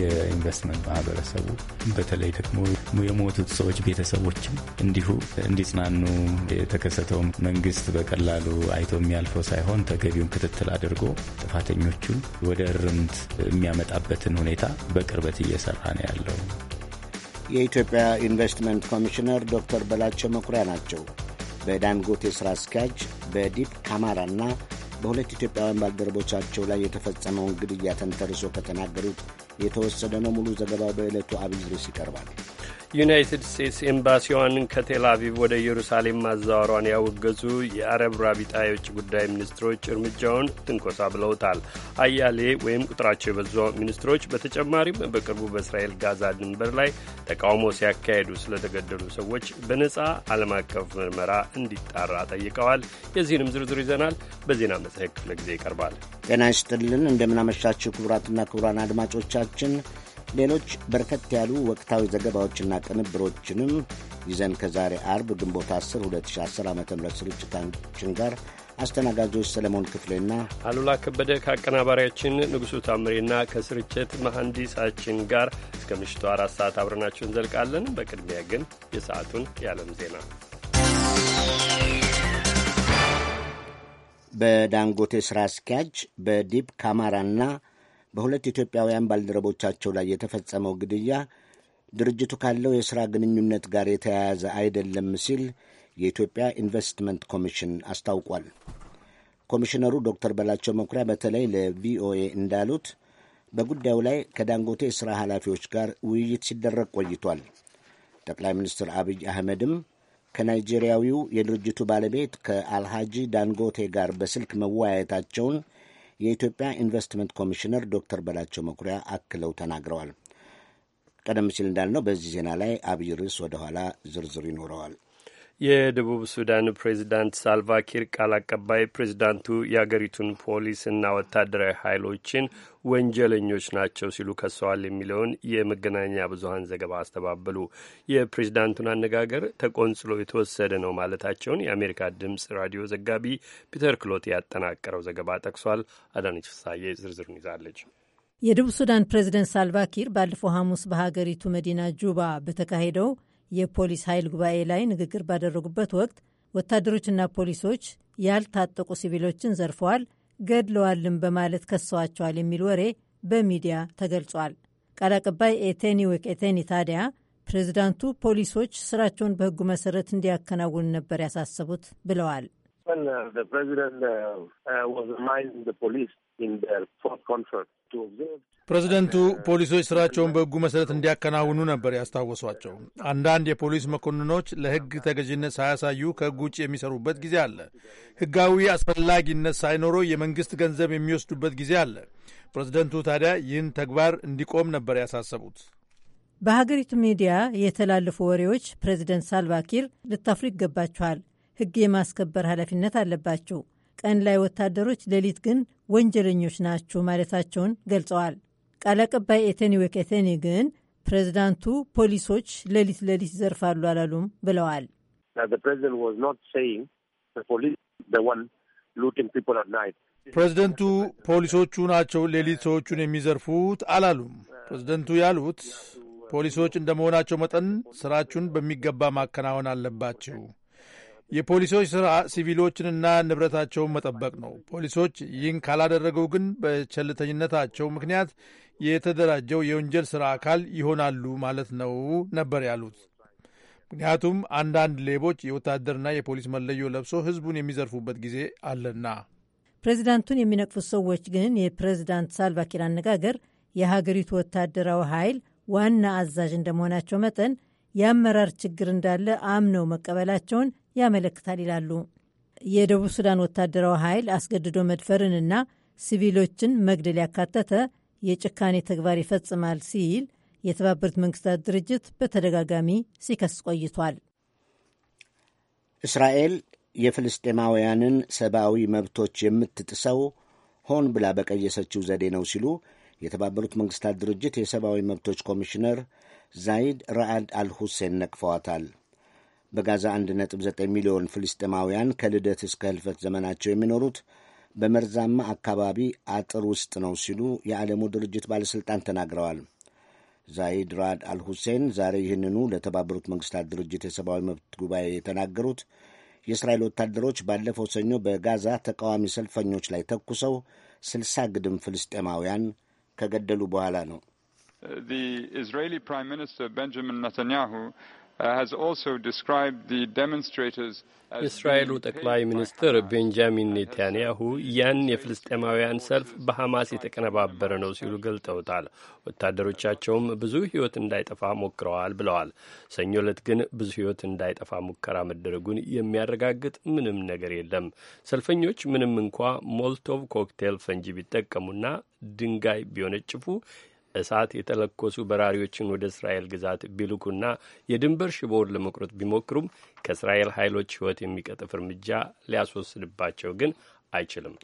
የኢንቨስትመንት ማህበረሰቡ በተለይ ደግሞ የሞቱት ሰዎች ቤተሰቦችም እንዲሁ እንዲጽናኑ የተከሰተውም መንግስት በቀላሉ አይቶ የሚያልፈው ሳይሆን ተገቢውን ክትትል አድርጎ ጥፋተኞቹ ወደ እርምት የሚያመጣበትን ሁኔታ በቅርበት እየሰራ ነው ያለው። የኢትዮጵያ ኢንቨስትመንት ኮሚሽነር ዶክተር በላቸው መኩሪያ ናቸው። በዳንጎቴ ሥራ አስኪያጅ በዲፕ ካማራና በሁለት ኢትዮጵያውያን ባልደረቦቻቸው ላይ የተፈጸመውን ግድያ ተንተርሶ ከተናገሩት የተወሰደ ነው። ሙሉ ዘገባው በዕለቱ አብይ ርዕስ ይቀርባል። ዩናይትድ ስቴትስ ኤምባሲዋን ከቴል አቪቭ ወደ ኢየሩሳሌም ማዛወሯን ያወገዙ የአረብ ራቢጣ የውጭ ጉዳይ ሚኒስትሮች እርምጃውን ትንኮሳ ብለውታል። አያሌ ወይም ቁጥራቸው የበዙ ሚኒስትሮች በተጨማሪም በቅርቡ በእስራኤል ጋዛ ድንበር ላይ ተቃውሞ ሲያካሄዱ ስለተገደሉ ሰዎች በነጻ ዓለም አቀፍ ምርመራ እንዲጣራ ጠይቀዋል። የዚህንም ዝርዝር ይዘናል። በዜና መጽሔት ክፍለ ጊዜ ይቀርባል። ጤና ይስጥልን። እንደምናመሻችሁ ክቡራትና ክቡራን አድማጮቻችን ሌሎች በርከት ያሉ ወቅታዊ ዘገባዎችና ቅንብሮችንም ይዘን ከዛሬ አርብ ግንቦት 10 2010 ዓ ም ስርጭታችን ጋር አስተናጋጆች ሰለሞን ክፍሌና አሉላ ከበደ ከአቀናባሪያችን ንጉሡ ታምሬና ከስርጭት መሐንዲሳችን ጋር እስከ ምሽቱ አራት ሰዓት አብረናችሁ እንዘልቃለን። በቅድሚያ ግን የሰዓቱን የዓለም ዜና በዳንጎቴ ስራ አስኪያጅ በዲብ ካማራና በሁለት ኢትዮጵያውያን ባልደረቦቻቸው ላይ የተፈጸመው ግድያ ድርጅቱ ካለው የሥራ ግንኙነት ጋር የተያያዘ አይደለም ሲል የኢትዮጵያ ኢንቨስትመንት ኮሚሽን አስታውቋል። ኮሚሽነሩ ዶክተር በላቸው መኩሪያ በተለይ ለቪኦኤ እንዳሉት በጉዳዩ ላይ ከዳንጎቴ ሥራ ኃላፊዎች ጋር ውይይት ሲደረግ ቆይቷል። ጠቅላይ ሚኒስትር አብይ አህመድም ከናይጄሪያዊው የድርጅቱ ባለቤት ከአልሃጂ ዳንጎቴ ጋር በስልክ መወያየታቸውን የኢትዮጵያ ኢንቨስትመንት ኮሚሽነር ዶክተር በላቸው መኩሪያ አክለው ተናግረዋል። ቀደም ሲል እንዳልነው በዚህ ዜና ላይ አብይ ርዕስ ወደኋላ ዝርዝር ይኖረዋል። የደቡብ ሱዳን ፕሬዚዳንት ሳልቫኪር ቃል አቀባይ ፕሬዚዳንቱ የአገሪቱን ፖሊስና ወታደራዊ ኃይሎችን ወንጀለኞች ናቸው ሲሉ ከሰዋል የሚለውን የመገናኛ ብዙኃን ዘገባ አስተባበሉ። የፕሬዚዳንቱን አነጋገር ተቆንጽሎ የተወሰደ ነው ማለታቸውን የአሜሪካ ድምፅ ራዲዮ ዘጋቢ ፒተር ክሎት ያጠናቀረው ዘገባ ጠቅሷል። አዳነች ፍሳዬ ዝርዝሩን ይዛለች። የደቡብ ሱዳን ፕሬዚደንት ሳልቫኪር ባለፈው ሐሙስ በሀገሪቱ መዲና ጁባ በተካሄደው የፖሊስ ኃይል ጉባኤ ላይ ንግግር ባደረጉበት ወቅት ወታደሮችና ፖሊሶች ያልታጠቁ ሲቪሎችን ዘርፈዋል፣ ገድለዋልም በማለት ከሰዋቸዋል የሚል ወሬ በሚዲያ ተገልጿል። ቃል አቀባይ ኤቴኒ ወክ ኤቴኒ ታዲያ ፕሬዚዳንቱ ፖሊሶች ስራቸውን በሕጉ መሰረት እንዲያከናውኑ ነበር ያሳሰቡት ብለዋል። When uh, the president uh, uh, was reminding the police in their fourth conference to observe ፕሬዚደንቱ ፖሊሶች ስራቸውን በሕጉ መሰረት እንዲያከናውኑ ነበር ያስታወሷቸው። አንዳንድ የፖሊስ መኮንኖች ለሕግ ተገዥነት ሳያሳዩ ከሕግ ውጭ የሚሰሩበት ጊዜ አለ። ሕጋዊ አስፈላጊነት ሳይኖረው የመንግስት ገንዘብ የሚወስዱበት ጊዜ አለ። ፕሬዚደንቱ ታዲያ ይህን ተግባር እንዲቆም ነበር ያሳሰቡት። በሀገሪቱ ሚዲያ የተላለፉ ወሬዎች ፕሬዚደንት ሳልቫኪር ልታፍሩ ይገባችኋል፣ ሕግ የማስከበር ኃላፊነት አለባቸው። ቀን ላይ ወታደሮች፣ ሌሊት ግን ወንጀለኞች ናችሁ ማለታቸውን ገልጸዋል። ቃል አቀባይ ኤቴኒ ወኬቴኒ ግን ፕሬዚዳንቱ ፖሊሶች ሌሊት ሌሊት ይዘርፋሉ አላሉም ብለዋል። ፕሬዚደንቱ ፖሊሶቹ ናቸው ሌሊት ሰዎቹን የሚዘርፉት አላሉም። ፕሬዚደንቱ ያሉት ፖሊሶች እንደመሆናቸው መጠን ስራችሁን በሚገባ ማከናወን አለባቸው። የፖሊሶች ስራ ሲቪሎችንና ንብረታቸውን መጠበቅ ነው። ፖሊሶች ይህን ካላደረገው ግን በቸልተኝነታቸው ምክንያት የተደራጀው የወንጀል ስራ አካል ይሆናሉ ማለት ነው ነበር ያሉት። ምክንያቱም አንዳንድ ሌቦች የወታደርና የፖሊስ መለዮ ለብሶ ህዝቡን የሚዘርፉበት ጊዜ አለና። ፕሬዚዳንቱን የሚነቅፉት ሰዎች ግን የፕሬዚዳንት ሳልቫኪር አነጋገር የሀገሪቱ ወታደራዊ ኃይል ዋና አዛዥ እንደመሆናቸው መጠን የአመራር ችግር እንዳለ አምነው መቀበላቸውን ያመለክታል ይላሉ። የደቡብ ሱዳን ወታደራዊ ኃይል አስገድዶ መድፈርንና ሲቪሎችን መግደል ያካተተ የጭካኔ ተግባር ይፈጽማል ሲል የተባበሩት መንግስታት ድርጅት በተደጋጋሚ ሲከስ ቆይቷል። እስራኤል የፍልስጤማውያንን ሰብአዊ መብቶች የምትጥሰው ሆን ብላ በቀየሰችው ዘዴ ነው ሲሉ የተባበሩት መንግስታት ድርጅት የሰብአዊ መብቶች ኮሚሽነር ዛይድ ራአድ አልሁሴን ነቅፈዋታል። በጋዛ 1.9 ሚሊዮን ፍልስጤማውያን ከልደት እስከ ህልፈት ዘመናቸው የሚኖሩት በመርዛማ አካባቢ አጥር ውስጥ ነው ሲሉ የዓለሙ ድርጅት ባለሥልጣን ተናግረዋል። ዛይድ ራድ አልሁሴን ዛሬ ይህንኑ ለተባበሩት መንግስታት ድርጅት የሰብአዊ መብት ጉባኤ የተናገሩት የእስራኤል ወታደሮች ባለፈው ሰኞ በጋዛ ተቃዋሚ ሰልፈኞች ላይ ተኩሰው ስልሳ ግድም ፍልስጤማውያን ከገደሉ በኋላ ነው። The Israeli Prime Minister Uh, የእስራኤሉ ጠቅላይ ሚኒስትር ቤንጃሚን ኔታንያሁ ያን የፍልስጤማውያን ሰልፍ በሐማስ የተቀነባበረ ነው ሲሉ ገልጠውታል። ወታደሮቻቸውም ብዙ ሕይወት እንዳይጠፋ ሞክረዋል ብለዋል። ሰኞ ዕለት ግን ብዙ ሕይወት እንዳይጠፋ ሙከራ መደረጉን የሚያረጋግጥ ምንም ነገር የለም። ሰልፈኞች ምንም እንኳ ሞልቶቭ ኮክቴል ፈንጂ ቢጠቀሙና ድንጋይ ቢወነጭፉ እሳት የተለኮሱ በራሪዎችን ወደ እስራኤል ግዛት ቢልኩና የድንበር ሽቦውን ለመቁረጥ ቢሞክሩም ከእስራኤል ኃይሎች ሕይወት የሚቀጥፍ እርምጃ ሊያስወስድባቸው ግን አይችልም።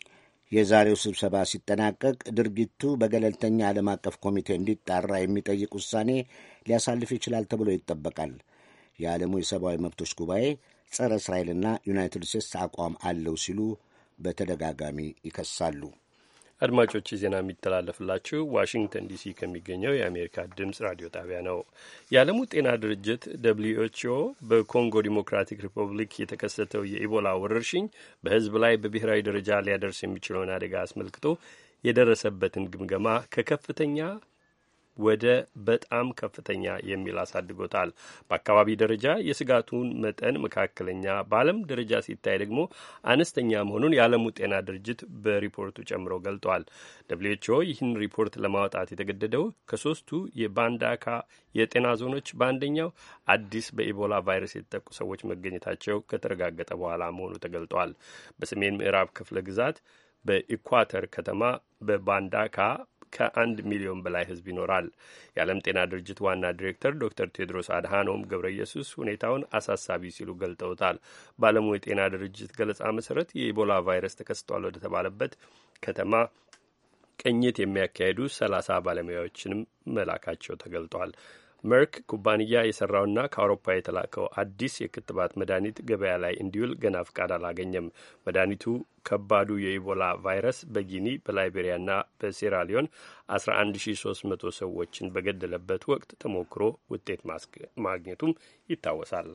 የዛሬው ስብሰባ ሲጠናቀቅ ድርጊቱ በገለልተኛ ዓለም አቀፍ ኮሚቴ እንዲጣራ የሚጠይቅ ውሳኔ ሊያሳልፍ ይችላል ተብሎ ይጠበቃል። የዓለሙ የሰብአዊ መብቶች ጉባኤ ጸረ እስራኤልና ዩናይትድ ስቴትስ አቋም አለው ሲሉ በተደጋጋሚ ይከሳሉ። አድማጮች ዜና የሚተላለፍላችሁ ዋሽንግተን ዲሲ ከሚገኘው የአሜሪካ ድምፅ ራዲዮ ጣቢያ ነው። የዓለሙ ጤና ድርጅት ደብልዩ ኤች ኦ በኮንጎ ዲሞክራቲክ ሪፐብሊክ የተከሰተው የኢቦላ ወረርሽኝ በሕዝብ ላይ በብሔራዊ ደረጃ ሊያደርስ የሚችለውን አደጋ አስመልክቶ የደረሰበትን ግምገማ ከከፍተኛ ወደ በጣም ከፍተኛ የሚል አሳድጎታል። በአካባቢ ደረጃ የስጋቱን መጠን መካከለኛ፣ በዓለም ደረጃ ሲታይ ደግሞ አነስተኛ መሆኑን የዓለሙ ጤና ድርጅት በሪፖርቱ ጨምሮ ገልጧል። ደብሊው ኤች ኦ ይህን ሪፖርት ለማውጣት የተገደደው ከሶስቱ የባንዳካ የጤና ዞኖች በአንደኛው አዲስ በኢቦላ ቫይረስ የተጠቁ ሰዎች መገኘታቸው ከተረጋገጠ በኋላ መሆኑ ተገልጧል። በሰሜን ምዕራብ ክፍለ ግዛት በኢኳተር ከተማ በባንዳካ ከአንድ ሚሊዮን በላይ ህዝብ ይኖራል። የዓለም ጤና ድርጅት ዋና ዲሬክተር ዶክተር ቴድሮስ አድሃኖም ገብረ ኢየሱስ ሁኔታውን አሳሳቢ ሲሉ ገልጠውታል። በዓለሙ የጤና ድርጅት ገለጻ መሰረት የኢቦላ ቫይረስ ተከስቷል ወደተባለበት ከተማ ቅኝት የሚያካሄዱ ሰላሳ ባለሙያዎችንም መላካቸው ተገልጧል። መርክ ኩባንያ የሰራውና ከአውሮፓ የተላከው አዲስ የክትባት መድኃኒት ገበያ ላይ እንዲውል ገና ፍቃድ አላገኘም። መድኃኒቱ ከባዱ የኢቦላ ቫይረስ በጊኒ በላይቤሪያና በሴራሊዮን 11300 ሰዎችን በገደለበት ወቅት ተሞክሮ ውጤት ማግኘቱም ይታወሳል።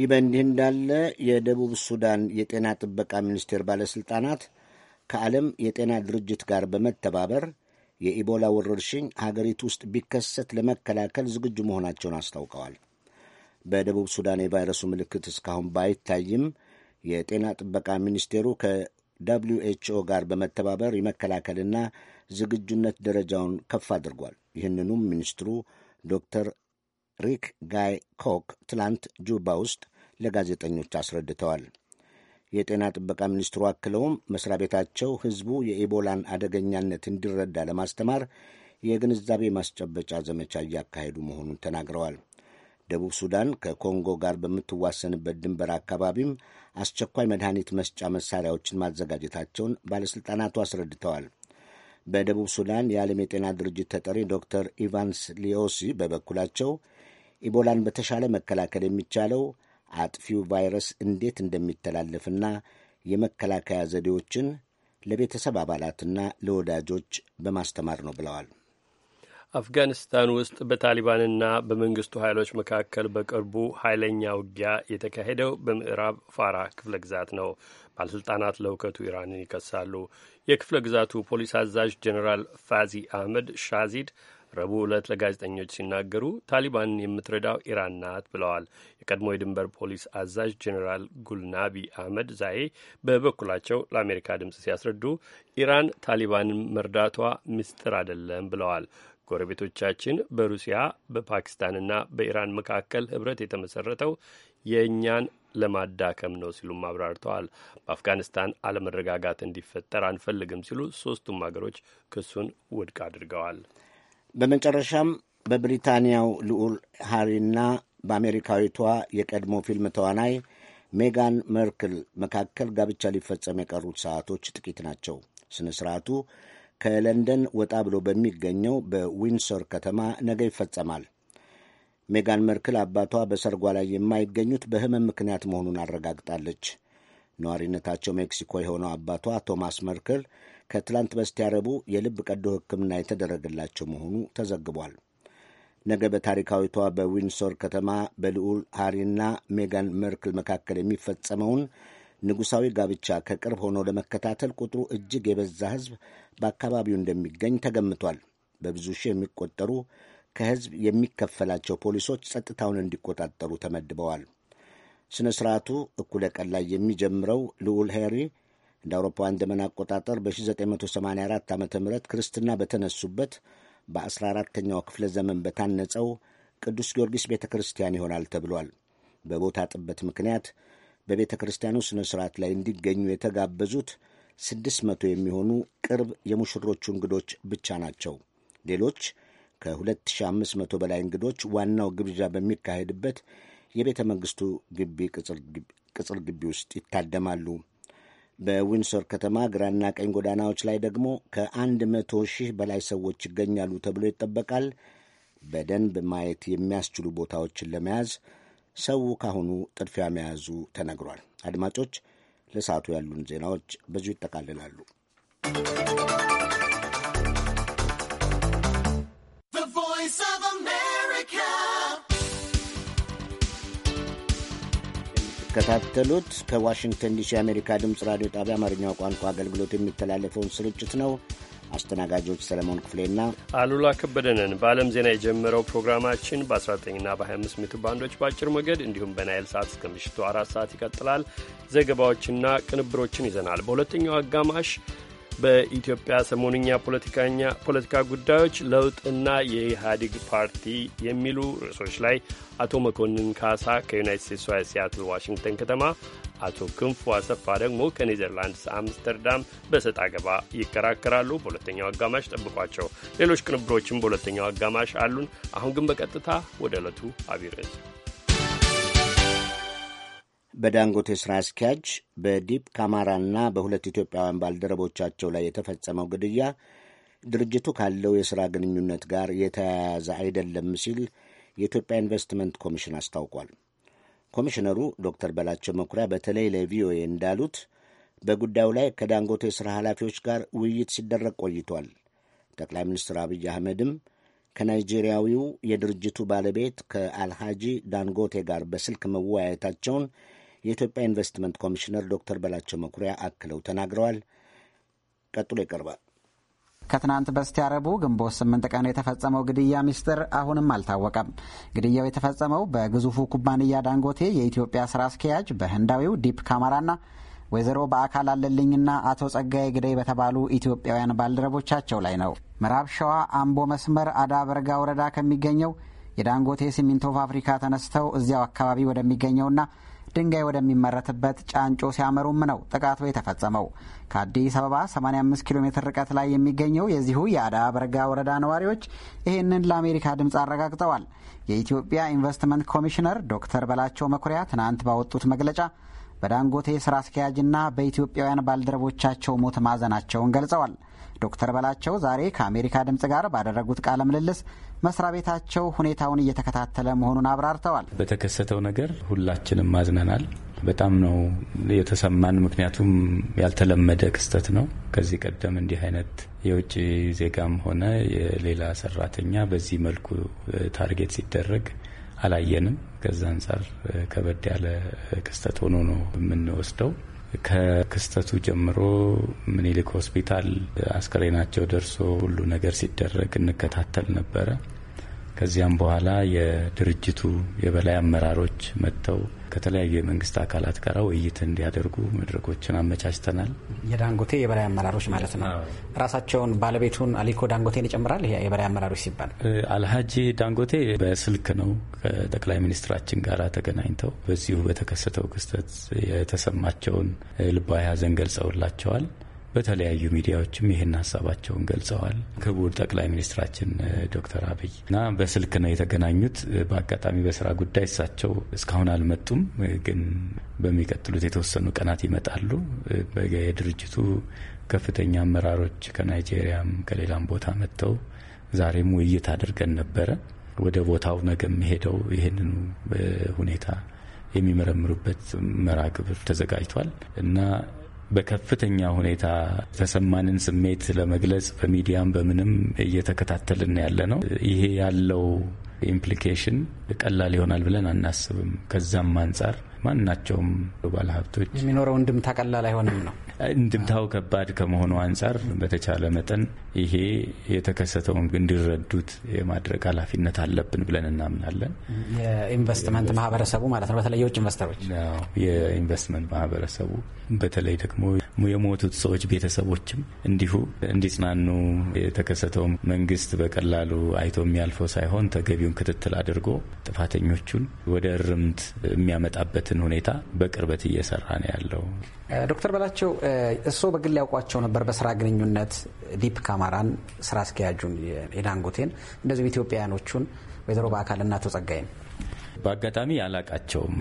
ይህ በእንዲህ እንዳለ የደቡብ ሱዳን የጤና ጥበቃ ሚኒስቴር ባለሥልጣናት ከዓለም የጤና ድርጅት ጋር በመተባበር የኢቦላ ወረርሽኝ ሀገሪቱ ውስጥ ቢከሰት ለመከላከል ዝግጁ መሆናቸውን አስታውቀዋል። በደቡብ ሱዳን የቫይረሱ ምልክት እስካሁን ባይታይም የጤና ጥበቃ ሚኒስቴሩ ከደብሊው ኤችኦ ጋር በመተባበር የመከላከልና ዝግጁነት ደረጃውን ከፍ አድርጓል። ይህንኑም ሚኒስትሩ ዶክተር ሪክ ጋይ ኮክ ትላንት ጁባ ውስጥ ለጋዜጠኞች አስረድተዋል። የጤና ጥበቃ ሚኒስትሩ አክለውም መስሪያ ቤታቸው ህዝቡ የኢቦላን አደገኛነት እንዲረዳ ለማስተማር የግንዛቤ ማስጨበጫ ዘመቻ እያካሄዱ መሆኑን ተናግረዋል። ደቡብ ሱዳን ከኮንጎ ጋር በምትዋሰንበት ድንበር አካባቢም አስቸኳይ መድኃኒት መስጫ መሳሪያዎችን ማዘጋጀታቸውን ባለሥልጣናቱ አስረድተዋል። በደቡብ ሱዳን የዓለም የጤና ድርጅት ተጠሪ ዶክተር ኢቫንስ ሊዮሲ በበኩላቸው ኢቦላን በተሻለ መከላከል የሚቻለው አጥፊው ቫይረስ እንዴት እንደሚተላለፍና የመከላከያ ዘዴዎችን ለቤተሰብ አባላትና ለወዳጆች በማስተማር ነው ብለዋል። አፍጋኒስታን ውስጥ በታሊባንና በመንግስቱ ኃይሎች መካከል በቅርቡ ኃይለኛ ውጊያ የተካሄደው በምዕራብ ፋራ ክፍለ ግዛት ነው። ባለሥልጣናት ለውከቱ ኢራንን ይከሳሉ። የክፍለ ግዛቱ ፖሊስ አዛዥ ጀኔራል ፋዚ አህመድ ሻዚድ ረቡዕ ዕለት ለጋዜጠኞች ሲናገሩ ታሊባንን የምትረዳው ኢራን ናት ብለዋል። የቀድሞ የድንበር ፖሊስ አዛዥ ጄኔራል ጉልናቢ አህመድ ዛዬ በበኩላቸው ለአሜሪካ ድምፅ ሲያስረዱ ኢራን ታሊባንን መርዳቷ ምስጢር አይደለም ብለዋል። ጎረቤቶቻችን በሩሲያ በፓኪስታንና በኢራን መካከል ህብረት የተመሰረተው የእኛን ለማዳከም ነው ሲሉም አብራርተዋል። በአፍጋኒስታን አለመረጋጋት እንዲፈጠር አንፈልግም ሲሉ ሶስቱም ሀገሮች ክሱን ውድቅ አድርገዋል። በመጨረሻም በብሪታንያው ልዑል ሃሪና በአሜሪካዊቷ የቀድሞ ፊልም ተዋናይ ሜጋን መርክል መካከል ጋብቻ ሊፈጸም የቀሩት ሰዓቶች ጥቂት ናቸው። ስነ ስርዓቱ ከለንደን ወጣ ብሎ በሚገኘው በዊንሶር ከተማ ነገ ይፈጸማል። ሜጋን መርክል አባቷ በሰርጓ ላይ የማይገኙት በህመም ምክንያት መሆኑን አረጋግጣለች። ነዋሪነታቸው ሜክሲኮ የሆነው አባቷ ቶማስ መርክል ከትላንት በስቲያ ረቡዕ የልብ ቀዶ ሕክምና የተደረገላቸው መሆኑ ተዘግቧል። ነገ በታሪካዊቷ በዊንሶር ከተማ በልዑል ሃሪና ሜጋን መርክል መካከል የሚፈጸመውን ንጉሳዊ ጋብቻ ከቅርብ ሆኖ ለመከታተል ቁጥሩ እጅግ የበዛ ሕዝብ በአካባቢው እንደሚገኝ ተገምቷል። በብዙ ሺህ የሚቆጠሩ ከሕዝብ የሚከፈላቸው ፖሊሶች ጸጥታውን እንዲቆጣጠሩ ተመድበዋል። ሥነ ሥርዓቱ እኩለ ቀን ላይ የሚጀምረው ልዑል ሄሪ እንደ አውሮፓውያን ዘመን አቆጣጠር በ1984 ዓ ም ክርስትና በተነሱበት በ14ተኛው ክፍለ ዘመን በታነጸው ቅዱስ ጊዮርጊስ ቤተ ክርስቲያን ይሆናል ተብሏል። በቦታ ጥበት ምክንያት በቤተ ክርስቲያኑ ሥነ ሥርዓት ላይ እንዲገኙ የተጋበዙት ስድስት መቶ የሚሆኑ ቅርብ የሙሽሮቹ እንግዶች ብቻ ናቸው። ሌሎች ከ2500 በላይ እንግዶች ዋናው ግብዣ በሚካሄድበት የቤተ መንግሥቱ ግቢ ቅጽር ግቢ ውስጥ ይታደማሉ። በዊንሶር ከተማ ግራና ቀኝ ጎዳናዎች ላይ ደግሞ ከአንድ መቶ ሺህ በላይ ሰዎች ይገኛሉ ተብሎ ይጠበቃል። በደንብ ማየት የሚያስችሉ ቦታዎችን ለመያዝ ሰው ካሁኑ ጥድፊያ መያዙ ተነግሯል። አድማጮች፣ ለሰዓቱ ያሉን ዜናዎች በዚሁ ይጠቃልላሉ። የምትከታተሉት ከዋሽንግተን ዲሲ የአሜሪካ ድምፅ ራዲዮ ጣቢያ አማርኛው ቋንቋ አገልግሎት የሚተላለፈውን ስርጭት ነው። አስተናጋጆች ሰለሞን ክፍሌና አሉላ ከበደንን በዓለም ዜና የጀመረው ፕሮግራማችን በ19ና በ25 ሜትር ባንዶች በአጭር ሞገድ እንዲሁም በናይል ሰዓት እስከ ምሽቱ አራት ሰዓት ይቀጥላል። ዘገባዎችና ቅንብሮችን ይዘናል። በሁለተኛው አጋማሽ በኢትዮጵያ ሰሞንኛ ፖለቲካኛ ፖለቲካ ጉዳዮች ለውጥና የኢህአዴግ ፓርቲ የሚሉ ርዕሶች ላይ አቶ መኮንን ካሳ ከዩናይት ስቴትስ ሲያትል ዋሽንግተን ከተማ፣ አቶ ክንፉ አሰፋ ደግሞ ከኔዘርላንድስ አምስተርዳም በሰጥ አገባ ይከራከራሉ። በሁለተኛው አጋማሽ ጠብቋቸው። ሌሎች ቅንብሮችም በሁለተኛው አጋማሽ አሉን። አሁን ግን በቀጥታ ወደ ዕለቱ አቢይ ርዕስ በዳንጎቴ ስራ አስኪያጅ በዲፕ ካማራና በሁለት ኢትዮጵያውያን ባልደረቦቻቸው ላይ የተፈጸመው ግድያ ድርጅቱ ካለው የሥራ ግንኙነት ጋር የተያያዘ አይደለም ሲል የኢትዮጵያ ኢንቨስትመንት ኮሚሽን አስታውቋል። ኮሚሽነሩ ዶክተር በላቸው መኩሪያ በተለይ ለቪኦኤ እንዳሉት በጉዳዩ ላይ ከዳንጎቴ ስራ ኃላፊዎች ጋር ውይይት ሲደረግ ቆይቷል። ጠቅላይ ሚኒስትር አብይ አህመድም ከናይጄሪያዊው የድርጅቱ ባለቤት ከአልሃጂ ዳንጎቴ ጋር በስልክ መወያየታቸውን የኢትዮጵያ ኢንቨስትመንት ኮሚሽነር ዶክተር በላቸው መኩሪያ አክለው ተናግረዋል። ቀጥሎ ይቀርባል። ከትናንት በስቲያ ረቡዕ ግንቦት ስምንት ቀን የተፈጸመው ግድያ ምስጢር አሁንም አልታወቀም። ግድያው የተፈጸመው በግዙፉ ኩባንያ ዳንጎቴ የኢትዮጵያ ስራ አስኪያጅ በህንዳዊው ዲፕ ካማራና ወይዘሮ በአካል አለልኝና አቶ ጸጋዬ ግደይ በተባሉ ኢትዮጵያውያን ባልደረቦቻቸው ላይ ነው። ምዕራብ ሸዋ አምቦ መስመር አዳ በርጋ ወረዳ ከሚገኘው የዳንጎቴ ሲሚንቶ ፋብሪካ ተነስተው እዚያው አካባቢ ወደሚገኘውና ድንጋይ ወደሚመረትበት ጫንጮ ሲያመሩም ነው ጥቃቱ የተፈጸመው። ከአዲስ አበባ 85 ኪሎ ሜትር ርቀት ላይ የሚገኘው የዚሁ የአዳ በርጋ ወረዳ ነዋሪዎች ይህንን ለአሜሪካ ድምፅ አረጋግጠዋል። የኢትዮጵያ ኢንቨስትመንት ኮሚሽነር ዶክተር በላቸው መኩሪያ ትናንት ባወጡት መግለጫ በዳንጎቴ ስራ አስኪያጅና በኢትዮጵያውያን ባልደረቦቻቸው ሞት ማዘናቸውን ገልጸዋል። ዶክተር በላቸው ዛሬ ከአሜሪካ ድምፅ ጋር ባደረጉት ቃለ ምልልስ መስሪያ ቤታቸው ሁኔታውን እየተከታተለ መሆኑን አብራርተዋል። በተከሰተው ነገር ሁላችንም አዝነናል። በጣም ነው የተሰማን። ምክንያቱም ያልተለመደ ክስተት ነው። ከዚህ ቀደም እንዲህ አይነት የውጭ ዜጋም ሆነ የሌላ ሰራተኛ በዚህ መልኩ ታርጌት ሲደረግ አላየንም። ከዛ አንጻር ከበድ ያለ ክስተት ሆኖ ነው የምንወስደው። ከክስተቱ ጀምሮ ምኒልክ ሆስፒታል አስከሬናቸው ደርሶ ሁሉ ነገር ሲደረግ እንከታተል ነበረ። ከዚያም በኋላ የድርጅቱ የበላይ አመራሮች መጥተው ከተለያዩ የመንግስት አካላት ጋር ውይይት እንዲያደርጉ መድረኮችን አመቻችተናል። የዳንጎቴ የበላይ አመራሮች ማለት ነው። ራሳቸውን ባለቤቱን አሊኮ ዳንጎቴን ይጨምራል። የበላይ አመራሮች ሲባል አልሀጂ ዳንጎቴ በስልክ ነው ከጠቅላይ ሚኒስትራችን ጋር ተገናኝተው በዚሁ በተከሰተው ክስተት የተሰማቸውን ልባዊ ሀዘን ገልጸውላቸዋል። በተለያዩ ሚዲያዎችም ይህን ሀሳባቸውን ገልጸዋል። ክቡር ጠቅላይ ሚኒስትራችን ዶክተር አብይ እና በስልክ ነው የተገናኙት። በአጋጣሚ በስራ ጉዳይ እሳቸው እስካሁን አልመጡም፣ ግን በሚቀጥሉት የተወሰኑ ቀናት ይመጣሉ። የድርጅቱ ከፍተኛ አመራሮች ከናይጄሪያም ከሌላም ቦታ መጥተው ዛሬም ውይይት አድርገን ነበረ። ወደ ቦታው ነገም ሄደው ይህንኑ ሁኔታ የሚመረምሩበት መርሃ ግብር ተዘጋጅቷል እና በከፍተኛ ሁኔታ የተሰማንን ስሜት ለመግለጽ በሚዲያም በምንም እየተከታተልን ያለ ነው። ይሄ ያለው ኢምፕሊኬሽን ቀላል ይሆናል ብለን አናስብም። ከዛም አንጻር ማናቸውም ባለሀብቶች የሚኖረው እንድምታ ቀላል አይሆንም ነው እንድምታው ከባድ ከመሆኑ አንጻር በተቻለ መጠን ይሄ የተከሰተውን እንዲረዱት የማድረግ ኃላፊነት አለብን ብለን እናምናለን። የኢንቨስትመንት ማህበረሰቡ ማለት ነው፣ በተለይ የውጭ ኢንቨስተሮች፣ የኢንቨስትመንት ማህበረሰቡ በተለይ ደግሞ የሞቱት ሰዎች ቤተሰቦችም እንዲሁ እንዲጽናኑ የተከሰተው መንግስት በቀላሉ አይቶ የሚያልፈው ሳይሆን ተገቢውን ክትትል አድርጎ ጥፋተኞቹን ወደ እርምት የሚያመጣበትን ሁኔታ በቅርበት እየሰራ ነው ያለው ዶክተር በላቸው እርስዎ በግል ያውቋቸው ነበር በስራ ግንኙነት ዲፕ ካማራን ስራ አስኪያጁን የዳንጎቴን እንደዚሁም ኢትዮጵያውያኖቹን ወይዘሮ በአካል እና አቶ ጸጋይን በአጋጣሚ አላቃቸውም፣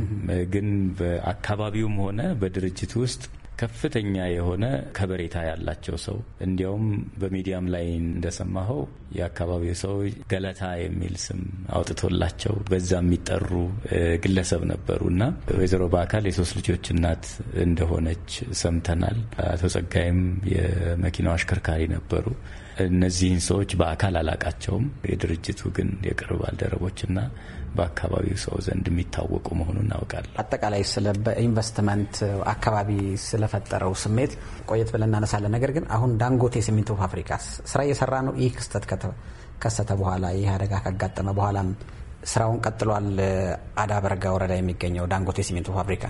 ግን በአካባቢውም ሆነ በድርጅት ውስጥ ከፍተኛ የሆነ ከበሬታ ያላቸው ሰው እንዲያውም በሚዲያም ላይ እንደሰማኸው የአካባቢው ሰው ገለታ የሚል ስም አውጥቶላቸው በዛ የሚጠሩ ግለሰብ ነበሩ እና ወይዘሮ በአካል የሶስት ልጆች እናት እንደሆነች ሰምተናል። አቶ ጸጋይም የመኪናው አሽከርካሪ ነበሩ። እነዚህን ሰዎች በአካል አላቃቸውም። የድርጅቱ ግን የቅርብ ባልደረቦችና በአካባቢው ሰው ዘንድ የሚታወቁ መሆኑን እናውቃለን። አጠቃላይ ስለ በኢንቨስትመንት አካባቢ ስለፈጠረው ስሜት ቆየት ብለን እናነሳለን። ነገር ግን አሁን ዳንጎቴ ሲሚንቶ ፋብሪካ ስራ እየሰራ ነው። ይህ ክስተት ከተከሰተ በኋላ ይህ አደጋ ካጋጠመ በኋላም ስራውን ቀጥሏል። አዳ በረጋ ወረዳ የሚገኘው ዳንጎቴ ሲሚንቶ ፋብሪካ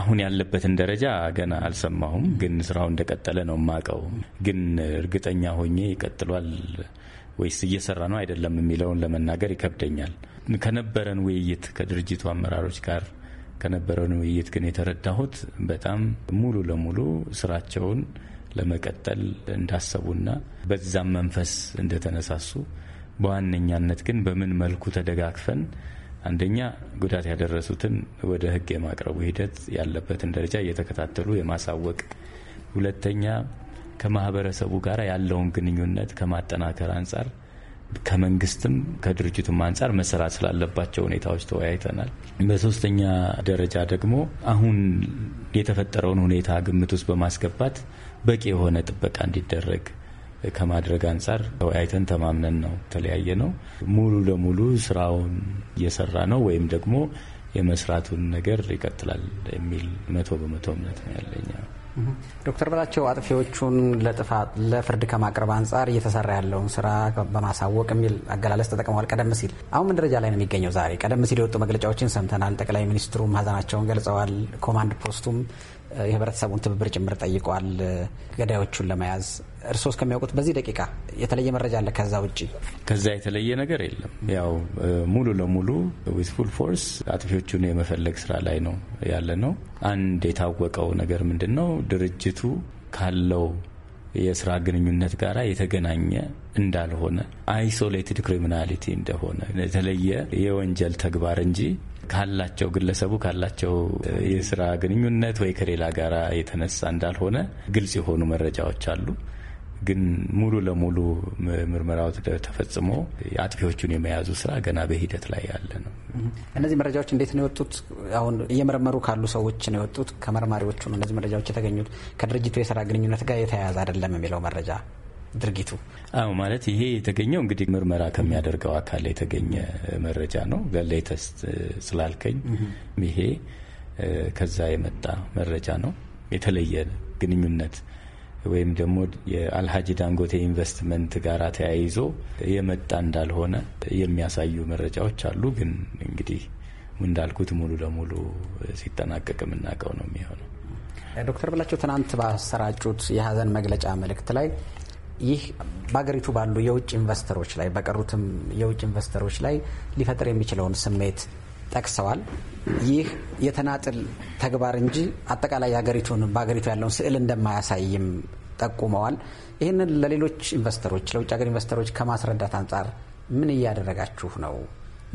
አሁን ያለበትን ደረጃ ገና አልሰማሁም፣ ግን ስራው እንደቀጠለ ነው የማውቀው። ግን እርግጠኛ ሆኜ ይቀጥሏል ወይስ እየሰራ ነው አይደለም የሚለውን ለመናገር ይከብደኛል። ከነበረን ውይይት ከድርጅቱ አመራሮች ጋር ከነበረን ውይይት ግን የተረዳሁት በጣም ሙሉ ለሙሉ ስራቸውን ለመቀጠል እንዳሰቡና በዛም መንፈስ እንደተነሳሱ በዋነኛነት ግን በምን መልኩ ተደጋግፈን አንደኛ ጉዳት ያደረሱትን ወደ ሕግ የማቅረቡ ሂደት ያለበትን ደረጃ እየተከታተሉ የማሳወቅ ሁለተኛ ከማህበረሰቡ ጋር ያለውን ግንኙነት ከማጠናከር አንጻር ከመንግስትም ከድርጅቱም አንጻር መሰራት ስላለባቸው ሁኔታዎች ተወያይተናል። በሶስተኛ ደረጃ ደግሞ አሁን የተፈጠረውን ሁኔታ ግምት ውስጥ በማስገባት በቂ የሆነ ጥበቃ እንዲደረግ ከማድረግ አንጻር ተወያይተን ተማምነን ነው የተለያየ ነው። ሙሉ ለሙሉ ስራውን እየሰራ ነው ወይም ደግሞ የመስራቱን ነገር ይቀጥላል የሚል መቶ በመቶ እምነት ነው ያለኝ። ዶክተር በላቸው አጥፊዎቹን ለጥፋት ለፍርድ ከማቅረብ አንጻር እየተሰራ ያለውን ስራ በማሳወቅ የሚል አገላለጽ ተጠቅመዋል። ቀደም ሲል አሁን ምን ደረጃ ላይ ነው የሚገኘው? ዛሬ ቀደም ሲል የወጡ መግለጫዎችን ሰምተናል። ጠቅላይ ሚኒስትሩም ሀዘናቸውን ገልጸዋል። ኮማንድ ፖስቱም የህብረተሰቡን ትብብር ጭምር ጠይቀዋል ገዳዮቹን ለመያዝ። እርስዎ እስከሚያውቁት በዚህ ደቂቃ የተለየ መረጃ አለ? ከዛ ውጭ ከዛ የተለየ ነገር የለም። ያው ሙሉ ለሙሉ ዊዝ ፉል ፎርስ አጥፊዎቹን የመፈለግ ስራ ላይ ነው ያለ ነው። አንድ የታወቀው ነገር ምንድን ነው ድርጅቱ ካለው የስራ ግንኙነት ጋር የተገናኘ እንዳልሆነ አይሶሌትድ ክሪሚናሊቲ እንደሆነ የተለየ የወንጀል ተግባር እንጂ ካላቸው ግለሰቡ ካላቸው የስራ ግንኙነት ወይ ከሌላ ጋር የተነሳ እንዳልሆነ ግልጽ የሆኑ መረጃዎች አሉ። ግን ሙሉ ለሙሉ ምርመራው ተፈጽሞ አጥፊዎቹን የመያዙ ስራ ገና በሂደት ላይ ያለ ነው። እነዚህ መረጃዎች እንዴት ነው የወጡት? አሁን እየመረመሩ ካሉ ሰዎች ነው የወጡት? ከመርማሪዎቹ ነው እነዚህ መረጃዎች የተገኙት? ከድርጅቱ የስራ ግንኙነት ጋር የተያያዘ አይደለም የሚለው መረጃ ድርጊቱ? አዎ ማለት ይሄ የተገኘው እንግዲህ ምርመራ ከሚያደርገው አካል የተገኘ መረጃ ነው። ሌተስት ስላልከኝ ይሄ ከዛ የመጣ መረጃ ነው። የተለየ ግንኙነት ወይም ደግሞ የአልሃጅ ዳንጎቴ ኢንቨስትመንት ጋር ተያይዞ የመጣ እንዳልሆነ የሚያሳዩ መረጃዎች አሉ። ግን እንግዲህ እንዳልኩት ሙሉ ለሙሉ ሲጠናቀቅ የምናውቀው ነው የሚሆነው። ዶክተር ብላቸው ትናንት ባሰራጩት የሀዘን መግለጫ መልእክት ላይ ይህ በሀገሪቱ ባሉ የውጭ ኢንቨስተሮች ላይ በቀሩትም የውጭ ኢንቨስተሮች ላይ ሊፈጥር የሚችለውን ስሜት ጠቅሰዋል። ይህ የተናጥል ተግባር እንጂ አጠቃላይ ሀገሪቱን በሀገሪቱ ያለውን ስዕል እንደማያሳይም ጠቁመዋል። ይህንን ለሌሎች ኢንቨስተሮች ለውጭ ሀገር ኢንቨስተሮች ከማስረዳት አንጻር ምን እያደረጋችሁ ነው?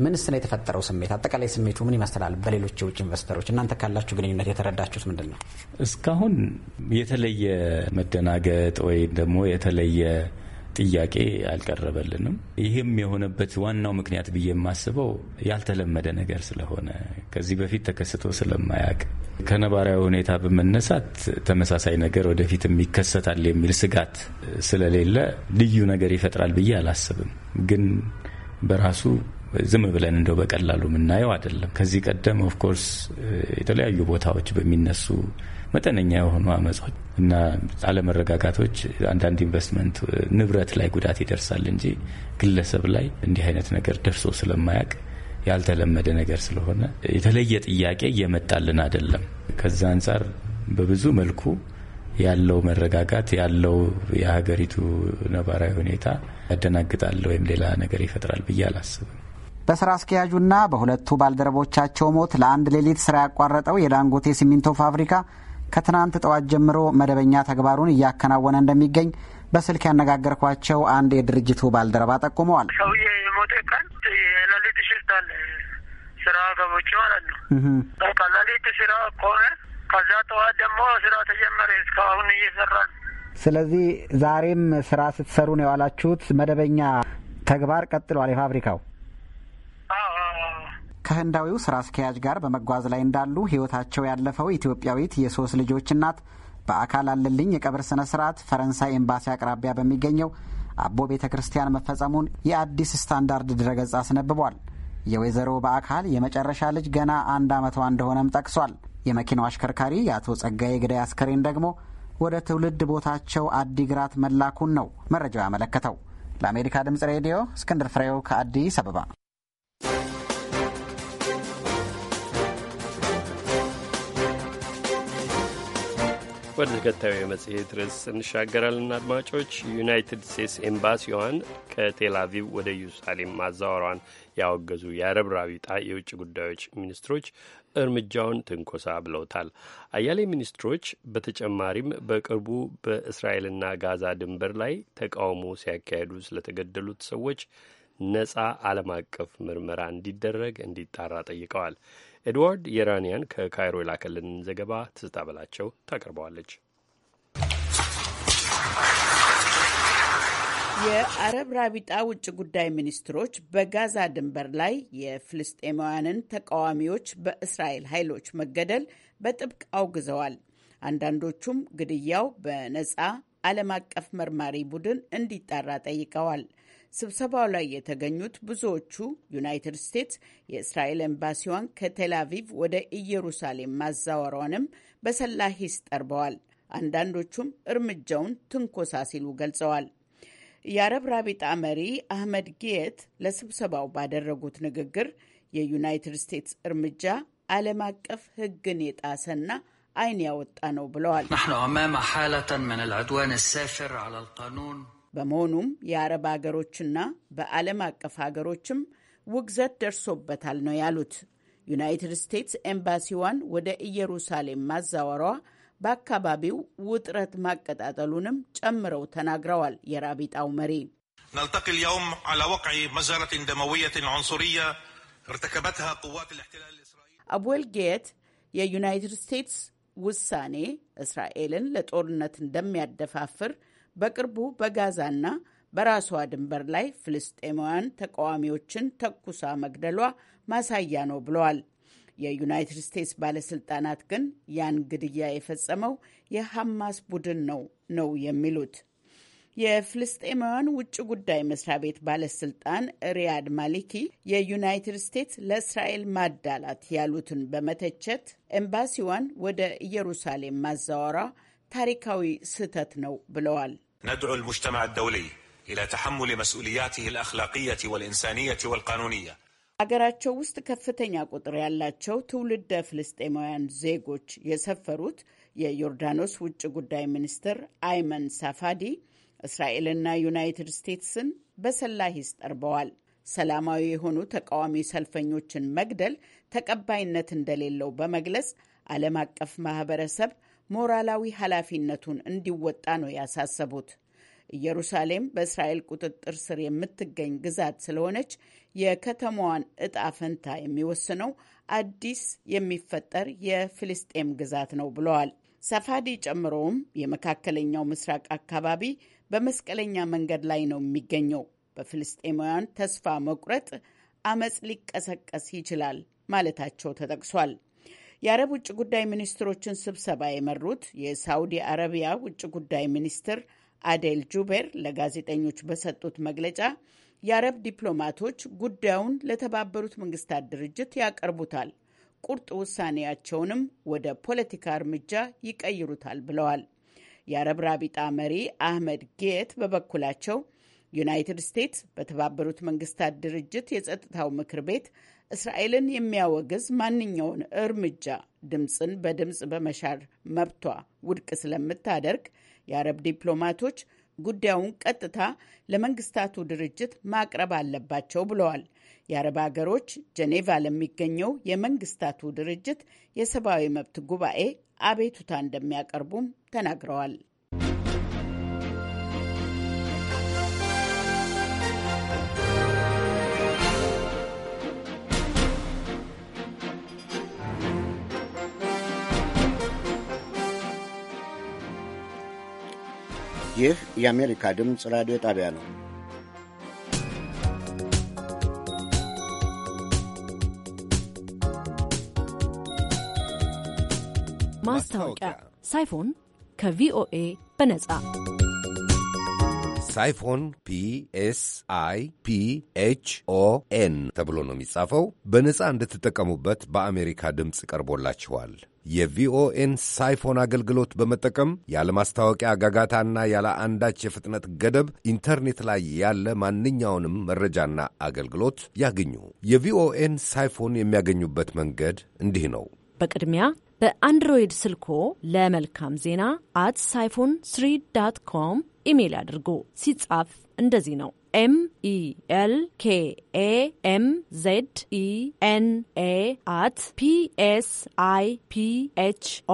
ምንስ ነው የተፈጠረው ስሜት? አጠቃላይ ስሜቱ ምን ይመስላል? በሌሎች የውጭ ኢንቨስተሮች እናንተ ካላችሁ ግንኙነት የተረዳችሁት ምንድን ነው? እስካሁን የተለየ መደናገጥ ወይም ደግሞ የተለየ ጥያቄ አልቀረበልንም። ይህም የሆነበት ዋናው ምክንያት ብዬ የማስበው ያልተለመደ ነገር ስለሆነ ከዚህ በፊት ተከስቶ ስለማያውቅ ከነባራዊ ሁኔታ በመነሳት ተመሳሳይ ነገር ወደፊትም ይከሰታል የሚል ስጋት ስለሌለ ልዩ ነገር ይፈጥራል ብዬ አላስብም። ግን በራሱ ዝም ብለን እንደው በቀላሉ የምናየው አይደለም። ከዚህ ቀደም ኦፍኮርስ የተለያዩ ቦታዎች በሚነሱ መጠነኛ የሆኑ አመጾች እና አለመረጋጋቶች አንዳንድ ኢንቨስትመንት ንብረት ላይ ጉዳት ይደርሳል እንጂ ግለሰብ ላይ እንዲህ አይነት ነገር ደርሶ ስለማያውቅ ያልተለመደ ነገር ስለሆነ የተለየ ጥያቄ እየመጣልን አይደለም። ከዛ አንጻር በብዙ መልኩ ያለው መረጋጋት ያለው የሀገሪቱ ነባራዊ ሁኔታ ያደናግጣል ወይም ሌላ ነገር ይፈጥራል ብዬ አላስብም። በስራ አስኪያጁና በሁለቱ ባልደረቦቻቸው ሞት ለአንድ ሌሊት ስራ ያቋረጠው የዳንጎቴ ሲሚንቶ ፋብሪካ ከትናንት ጠዋት ጀምሮ መደበኛ ተግባሩን እያከናወነ እንደሚገኝ በስልክ ያነጋገርኳቸው አንድ የድርጅቱ ባልደረባ ጠቁመዋል። ሰውዬ የሞተ ቀን የሌሊት ሽፍት አለ ስራ ገቦች ማለት ነው። በቃ ሌሊት ስራ ከሆነ ከዛ ጠዋት ደግሞ ስራ ተጀመረ እስካሁን እየሰራ ነው። ስለዚህ ዛሬም ስራ ስትሰሩ ነው የዋላችሁት። መደበኛ ተግባር ቀጥሏል የፋብሪካው ከህንዳዊው ስራ አስኪያጅ ጋር በመጓዝ ላይ እንዳሉ ህይወታቸው ያለፈው ኢትዮጵያዊት የሶስት ልጆች እናት በአካል አለልኝ የቀብር ስነ ስርዓት ፈረንሳይ ኤምባሲ አቅራቢያ በሚገኘው አቦ ቤተ ክርስቲያን መፈጸሙን የአዲስ ስታንዳርድ ድረገጽ አስነብቧል። የወይዘሮ በአካል የመጨረሻ ልጅ ገና አንድ ዓመቷ እንደሆነም ጠቅሷል። የመኪናው አሽከርካሪ የአቶ ጸጋዬ ግዳይ አስከሬን ደግሞ ወደ ትውልድ ቦታቸው አዲግራት መላኩን ነው መረጃው ያመለከተው። ለአሜሪካ ድምፅ ሬዲዮ እስክንድር ፍሬው ከአዲስ አበባ ወደ ተከታዩ የመጽሔት ርዕስ እንሻገራለን። አድማጮች ዩናይትድ ስቴትስ ኤምባሲዋን ከቴል ወደ ኢየሩሳሌም ማዛወሯን ያወገዙ የአረብ ራቢጣ የውጭ ጉዳዮች ሚኒስትሮች እርምጃውን ትንኮሳ ብለውታል። አያሌ ሚኒስትሮች በተጨማሪም በቅርቡ በእስራኤልና ጋዛ ድንበር ላይ ተቃውሞ ሲያካሂዱ ስለተገደሉት ሰዎች ነጻ ዓለም አቀፍ ምርመራ እንዲደረግ እንዲጣራ ጠይቀዋል። ኤድዋርድ የራኒያን ከካይሮ የላከልን ዘገባ ትዝታ በላቸው ታቀርበዋለች። የአረብ ራቢጣ ውጭ ጉዳይ ሚኒስትሮች በጋዛ ድንበር ላይ የፍልስጤማውያንን ተቃዋሚዎች በእስራኤል ኃይሎች መገደል በጥብቅ አውግዘዋል። አንዳንዶቹም ግድያው በነፃ ዓለም አቀፍ መርማሪ ቡድን እንዲጣራ ጠይቀዋል። ስብሰባው ላይ የተገኙት ብዙዎቹ ዩናይትድ ስቴትስ የእስራኤል ኤምባሲዋን ከቴል አቪቭ ወደ ኢየሩሳሌም ማዛወሯንም በሰላ ሂስ ጠርበዋል። አንዳንዶቹም እርምጃውን ትንኮሳ ሲሉ ገልጸዋል። የአረብ ራቢጣ መሪ አህመድ ጌት ለስብሰባው ባደረጉት ንግግር የዩናይትድ ስቴትስ እርምጃ ዓለም አቀፍ ሕግን የጣሰና አይን ያወጣ ነው ብለዋል። በመሆኑም የአረብ ሀገሮችና በዓለም አቀፍ ሀገሮችም ውግዘት ደርሶበታል ነው ያሉት። ዩናይትድ ስቴትስ ኤምባሲዋን ወደ ኢየሩሳሌም ማዛወሯ በአካባቢው ውጥረት ማቀጣጠሉንም ጨምረው ተናግረዋል። የራቢጣው መሪ نلتقي اليوم على وقع مجزرة دموية عنصرية ارتكبتها قوات الاحتلال الإسرائيلي ጌት የዩናይትድ ስቴትስ ውሳኔ እስራኤልን ለጦርነት እንደሚያደፋፍር በቅርቡ በጋዛና በራሷ ድንበር ላይ ፍልስጤማውያን ተቃዋሚዎችን ተኩሳ መግደሏ ማሳያ ነው ብለዋል። የዩናይትድ ስቴትስ ባለስልጣናት ግን ያን ግድያ የፈጸመው የሐማስ ቡድን ነው ነው የሚሉት። የፍልስጤማውያን ውጭ ጉዳይ መስሪያ ቤት ባለስልጣን ሪያድ ማሊኪ የዩናይትድ ስቴትስ ለእስራኤል ማዳላት ያሉትን በመተቸት ኤምባሲዋን ወደ ኢየሩሳሌም ማዛወሯ ታሪካዊ ስህተት ነው ብለዋል። ندعو المجتمع الدولي إلى تحمل مسؤولياته الأخلاقية والإنسانية والقانونية ሀገራቸው ውስጥ ከፍተኛ ቁጥር ያላቸው ትውልደ ፍልስጤማውያን ዜጎች የሰፈሩት የዮርዳኖስ ውጭ ጉዳይ ሚኒስትር አይመን ሳፋዲ እስራኤልና ዩናይትድ ስቴትስን በሰላ ሂስ ሰላማዊ የሆኑ ተቃዋሚ ሰልፈኞችን መግደል ተቀባይነት እንደሌለው በመግለጽ ዓለም አቀፍ ማህበረሰብ ሞራላዊ ኃላፊነቱን እንዲወጣ ነው ያሳሰቡት። ኢየሩሳሌም በእስራኤል ቁጥጥር ስር የምትገኝ ግዛት ስለሆነች የከተማዋን እጣ ፈንታ የሚወስነው አዲስ የሚፈጠር የፍልስጤም ግዛት ነው ብለዋል። ሰፋዲ ጨምሮውም የመካከለኛው ምስራቅ አካባቢ በመስቀለኛ መንገድ ላይ ነው የሚገኘው። በፍልስጤማውያን ተስፋ መቁረጥ አመፅ ሊቀሰቀስ ይችላል ማለታቸው ተጠቅሷል። የአረብ ውጭ ጉዳይ ሚኒስትሮችን ስብሰባ የመሩት የሳውዲ አረቢያ ውጭ ጉዳይ ሚኒስትር አዴል ጁቤር ለጋዜጠኞች በሰጡት መግለጫ የአረብ ዲፕሎማቶች ጉዳዩን ለተባበሩት መንግስታት ድርጅት ያቀርቡታል፣ ቁርጥ ውሳኔያቸውንም ወደ ፖለቲካ እርምጃ ይቀይሩታል ብለዋል። የአረብ ራቢጣ መሪ አህመድ ጌት በበኩላቸው ዩናይትድ ስቴትስ በተባበሩት መንግስታት ድርጅት የጸጥታው ምክር ቤት እስራኤልን የሚያወግዝ ማንኛውን እርምጃ ድምፅን በድምፅ በመሻር መብቷ ውድቅ ስለምታደርግ የአረብ ዲፕሎማቶች ጉዳዩን ቀጥታ ለመንግስታቱ ድርጅት ማቅረብ አለባቸው ብለዋል። የአረብ ሀገሮች ጀኔቫ ለሚገኘው የመንግስታቱ ድርጅት የሰብአዊ መብት ጉባኤ አቤቱታ እንደሚያቀርቡም ተናግረዋል። ይህ የአሜሪካ ድምፅ ራዲዮ ጣቢያ ነው። ማስታወቂያ ሳይፎን ከቪኦኤ በነጻ ሳይፎን ፒ አይ ፒ ኤች ኦ ኤን ተብሎ ነው የሚጻፈው። በነጻ እንድትጠቀሙበት በአሜሪካ ድምፅ ቀርቦላችኋል። የቪኦኤን ሳይፎን አገልግሎት በመጠቀም ያለ ማስታወቂያ ጋጋታና ያለ አንዳች የፍጥነት ገደብ ኢንተርኔት ላይ ያለ ማንኛውንም መረጃና አገልግሎት ያገኙ። የቪኦኤን ሳይፎን የሚያገኙበት መንገድ እንዲህ ነው። በቅድሚያ በአንድሮይድ ስልኮ ለመልካም ዜና አት ሳይፎን ስሪ ዳት ኮም ኢሜይል አድርጎ ሲጻፍ እንደዚህ ነው ኤም ኢ ኤ ኤም ኢ ኤን ኤ አት ፒ ኤስ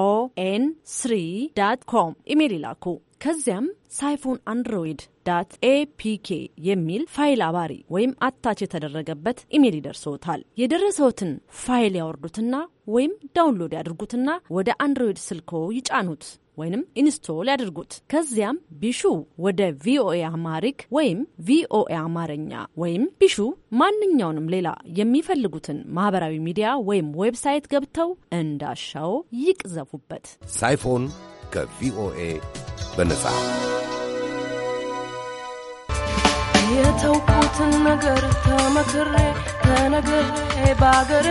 ኦ ኤን ስሪ ዳት ኮም ይላኩ። ከዚያም ሳይፎን አንድሮይድ ዳት ኤፒኬ የሚል ፋይል አባሪ ወይም አታች የተደረገበት ኢሜል ይደርሰዎታል። የደረሰዎትን ፋይል ያወርዱትና ወይም ዳውንሎድ ያድርጉትና ወደ አንድሮይድ ስልኮ ይጫኑት። ወይም ኢንስቶል ያድርጉት። ከዚያም ቢሹ ወደ ቪኦኤ አማሪክ ወይም ቪኦኤ አማርኛ ወይም ቢሹ ማንኛውንም ሌላ የሚፈልጉትን ማህበራዊ ሚዲያ ወይም ዌብሳይት ገብተው እንዳሻው ይቅዘፉበት። ሳይፎን ከቪኦኤ በነጻ የተውኩትን ነገር ተመክሬ ከነገሬ ባገር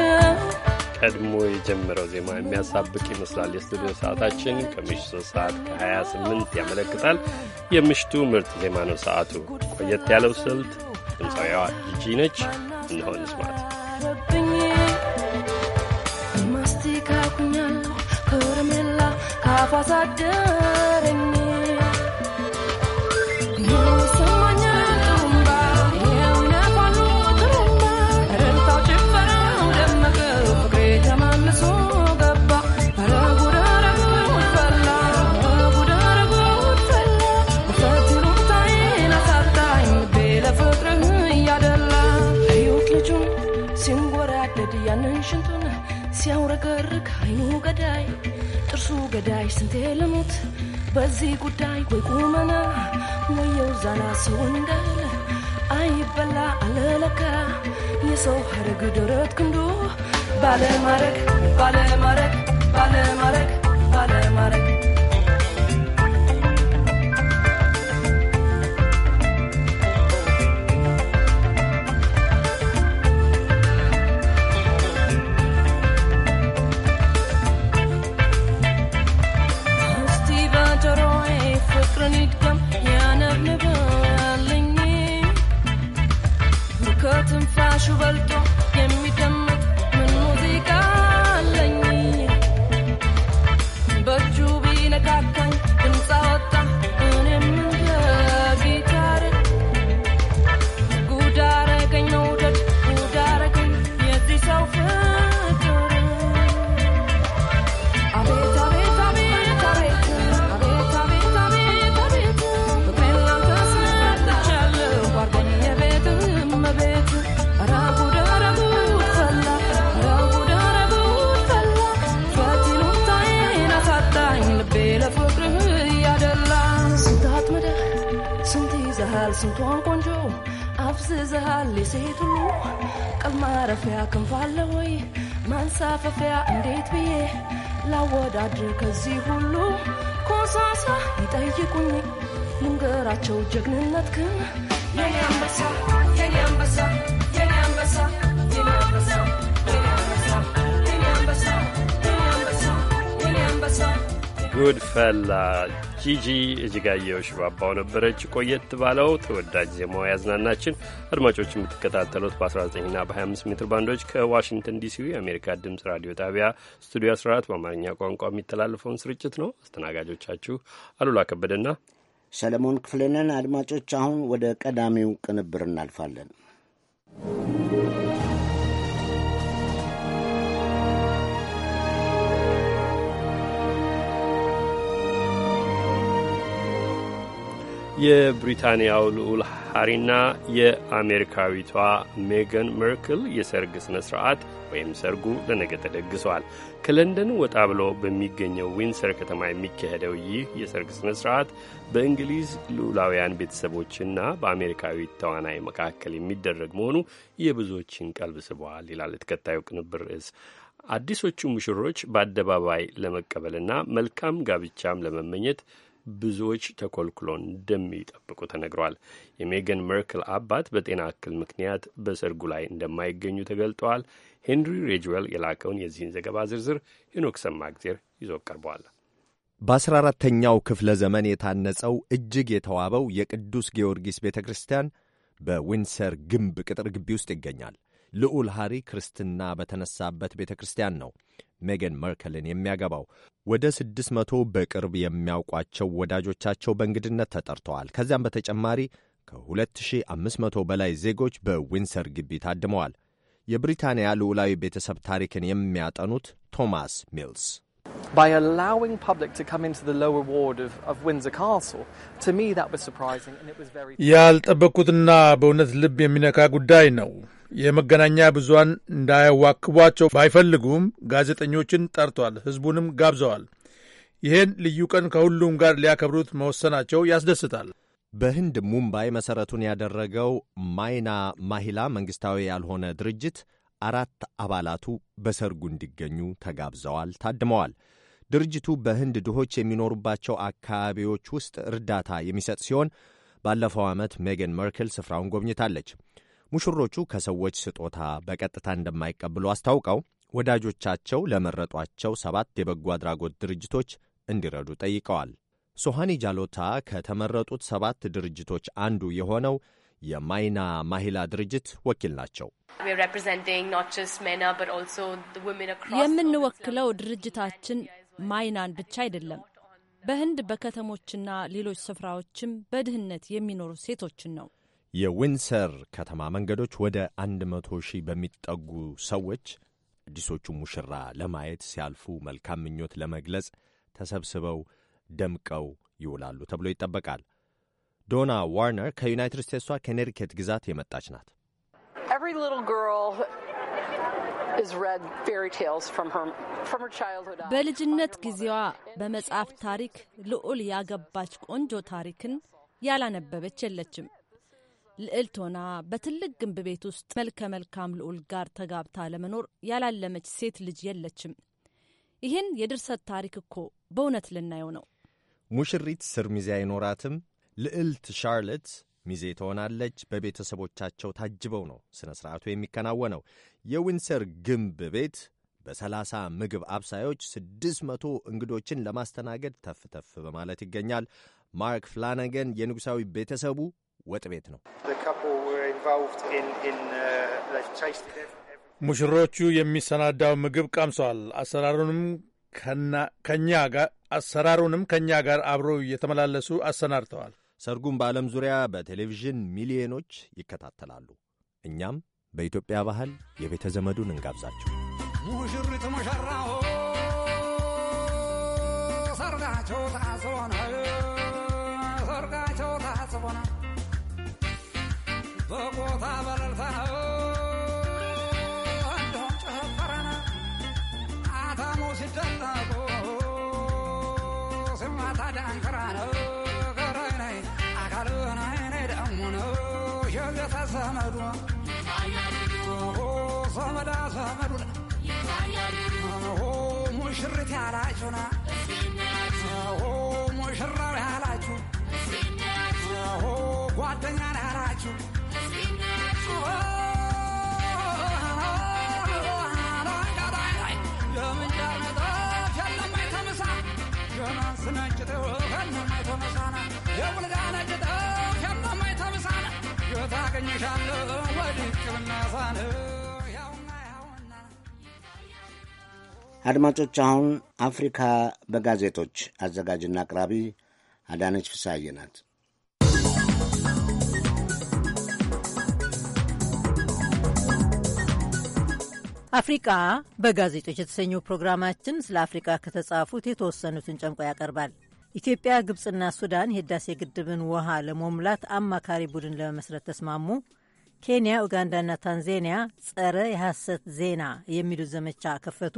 ቀድሞ የጀመረው ዜማ የሚያሳብቅ ይመስላል። የስቱዲዮ ሰዓታችን ከምሽቱ 3 ሰዓት ከ28 ያመለክታል። የምሽቱ ምርጥ ዜማ ነው ሰዓቱ። ቆየት ያለው ስልት ድምፃዊዋ ጂጂ ነች። እነሆ እንስማት። ማስቲካ ኩኛል ከረሜላ ካፋሳደር ገዳይ ስንቴ ልሙት በዚህ ጉዳይ ወይ ቁመና ወየው ዛና ሰው እንዳለ አይበላ አለለካ የሰው ሀረግ ደረት ክንዱ ባለማረግ ባለማረግ ባለማረግ ባለማረግ ሆነሃል ስንቷን ቆንጆ አፍዝዝሃል የሴት ሁሉ ቀብ ማረፊያ ክንፋለ ወይ ማንሳፈፊያ እንዴት ብዬ ላወዳድር ከዚህ ሁሉ ኮሳሳ ይጠይቁኝ ልንገራቸው ጀግንነት ክን የኔ አንበሳ የኔ አንበሳ ጉድ ጂጂ እጅጋየው ሽባባው ነበረች። ቆየት ባለው ተወዳጅ ዜማው ያዝናናችን። አድማጮች የምትከታተሉት በ19ና በ25 ሜትር ባንዶች ከዋሽንግተን ዲሲ የአሜሪካ ድምፅ ራዲዮ ጣቢያ ስቱዲዮ 14 በአማርኛ ቋንቋ የሚተላለፈውን ስርጭት ነው። አስተናጋጆቻችሁ አሉላ ከበደና ሰለሞን ክፍሌነን። አድማጮች አሁን ወደ ቀዳሚው ቅንብር እናልፋለን። የብሪታንያው ልዑል ሃሪና የአሜሪካዊቷ ሜገን መርክል የሰርግ ሥነ ሥርዓት ወይም ሰርጉ ለነገ ተደግሷል። ከለንደን ወጣ ብሎ በሚገኘው ዊንሰር ከተማ የሚካሄደው ይህ የሰርግ ሥነ ሥርዓት በእንግሊዝ ልዑላውያን ቤተሰቦችና በአሜሪካዊ ተዋናይ መካከል የሚደረግ መሆኑ የብዙዎችን ቀልብ ስበዋል ይላል የተከታዩ ቅንብር ርዕስ። አዲሶቹ ሙሽሮች በአደባባይ ለመቀበልና መልካም ጋብቻም ለመመኘት ብዙዎች ተኮልኩሎ እንደሚጠብቁ ተነግሯል። የሜገን መርክል አባት በጤና እክል ምክንያት በሰርጉ ላይ እንደማይገኙ ተገልጠዋል። ሄንሪ ሬጅዌል የላከውን የዚህን ዘገባ ዝርዝር ሄኖክ ሰማግዜር ይዞ ቀርበዋል። በአስራ አራተኛው ክፍለ ዘመን የታነጸው እጅግ የተዋበው የቅዱስ ጊዮርጊስ ቤተ ክርስቲያን በዊንሰር ግንብ ቅጥር ግቢ ውስጥ ይገኛል። ልዑል ሃሪ ክርስትና በተነሳበት ቤተ ክርስቲያን ነው ሜገን መርከልን የሚያገባው። ወደ ስድስት መቶ በቅርብ የሚያውቋቸው ወዳጆቻቸው በእንግድነት ተጠርተዋል። ከዚያም በተጨማሪ ከ2500 በላይ ዜጎች በዊንሰር ግቢ ታድመዋል። የብሪታንያ ልዑላዊ ቤተሰብ ታሪክን የሚያጠኑት ቶማስ ሚልስ ያልጠበቅኩትና በእውነት ልብ የሚነካ ጉዳይ ነው። የመገናኛ ብዙሃን እንዳያዋክቧቸው ባይፈልጉም ጋዜጠኞችን ጠርቷል፣ ህዝቡንም ጋብዘዋል። ይህን ልዩ ቀን ከሁሉም ጋር ሊያከብሩት መወሰናቸው ያስደስታል። በህንድ ሙምባይ መሠረቱን ያደረገው ማይና ማሂላ መንግሥታዊ ያልሆነ ድርጅት አራት አባላቱ በሰርጉ እንዲገኙ ተጋብዘዋል፣ ታድመዋል። ድርጅቱ በህንድ ድሆች የሚኖሩባቸው አካባቢዎች ውስጥ እርዳታ የሚሰጥ ሲሆን ባለፈው ዓመት ሜገን መርክል ስፍራውን ጎብኝታለች። ሙሽሮቹ ከሰዎች ስጦታ በቀጥታ እንደማይቀብሉ አስታውቀው ወዳጆቻቸው ለመረጧቸው ሰባት የበጎ አድራጎት ድርጅቶች እንዲረዱ ጠይቀዋል። ሶሃኒ ጃሎታ ከተመረጡት ሰባት ድርጅቶች አንዱ የሆነው የማይና ማሂላ ድርጅት ወኪል ናቸው። የምንወክለው ድርጅታችን ማይናን ብቻ አይደለም፣ በህንድ በከተሞችና ሌሎች ስፍራዎችም በድህነት የሚኖሩ ሴቶችን ነው። የዊንሰር ከተማ መንገዶች ወደ 100 ሺህ በሚጠጉ ሰዎች አዲሶቹ ሙሽራ ለማየት ሲያልፉ መልካም ምኞት ለመግለጽ ተሰብስበው ደምቀው ይውላሉ ተብሎ ይጠበቃል። ዶና ዋርነር ከዩናይትድ ስቴትሷ ከኔሪኬት ግዛት የመጣች ናት። በልጅነት ጊዜዋ በመጽሐፍ ታሪክ ልዑል ያገባች ቆንጆ ታሪክን ያላነበበች የለችም። ልዕልቶና በትልቅ ግንብ ቤት ውስጥ መልከ መልካም ልዑል ጋር ተጋብታ ለመኖር ያላለመች ሴት ልጅ የለችም። ይህን የድርሰት ታሪክ እኮ በእውነት ልናየው ነው። ሙሽሪት ስር ሚዜ አይኖራትም። ልዕልት ሻርለት ሚዜ ትሆናለች። በቤተሰቦቻቸው ታጅበው ነው ሥነ ሥርዓቱ የሚከናወነው። የዊንሰር ግንብ ቤት በሰላሳ ምግብ አብሳዮች ስድስት መቶ እንግዶችን ለማስተናገድ ተፍ ተፍ በማለት ይገኛል። ማርክ ፍላነገን የንጉሣዊ ቤተሰቡ ወጥ ቤት ነው። uh, ሙሽሮቹ የሚሰናዳው ምግብ ቀምሰዋል። አሰራሩንም ከኛ ጋር አሰራሩንም ከእኛ ጋር አብረው እየተመላለሱ አሰናድተዋል። ሰርጉም በዓለም ዙሪያ በቴሌቪዥን ሚሊዮኖች ይከታተላሉ። እኛም በኢትዮጵያ ባህል የቤተ ዘመዱን እንጋብዛቸው። ሙሽሪት ሙሽራው ሰርጋቸው ታስቦ ሰርጋቸው ታስቦ በቆታ በለልታ እንደሆን ጨፈረና አታሞ ሙሽራው ያላችሁ ጓደኛ ናናችሁ አድማጮች አሁን አፍሪካ በጋዜጦች አዘጋጅና አቅራቢ አዳነች ፍሳዬ ናት። አፍሪቃ በጋዜጦች የተሰኘው ፕሮግራማችን ስለ አፍሪቃ ከተጻፉት የተወሰኑትን ጨምቆ ያቀርባል። ኢትዮጵያ፣ ግብፅና ሱዳን የህዳሴ ግድብን ውሃ ለመሙላት አማካሪ ቡድን ለመመስረት ተስማሙ፣ ኬንያ፣ ኡጋንዳና ታንዛኒያ ጸረ የሐሰት ዜና የሚሉት ዘመቻ ከፈቱ፣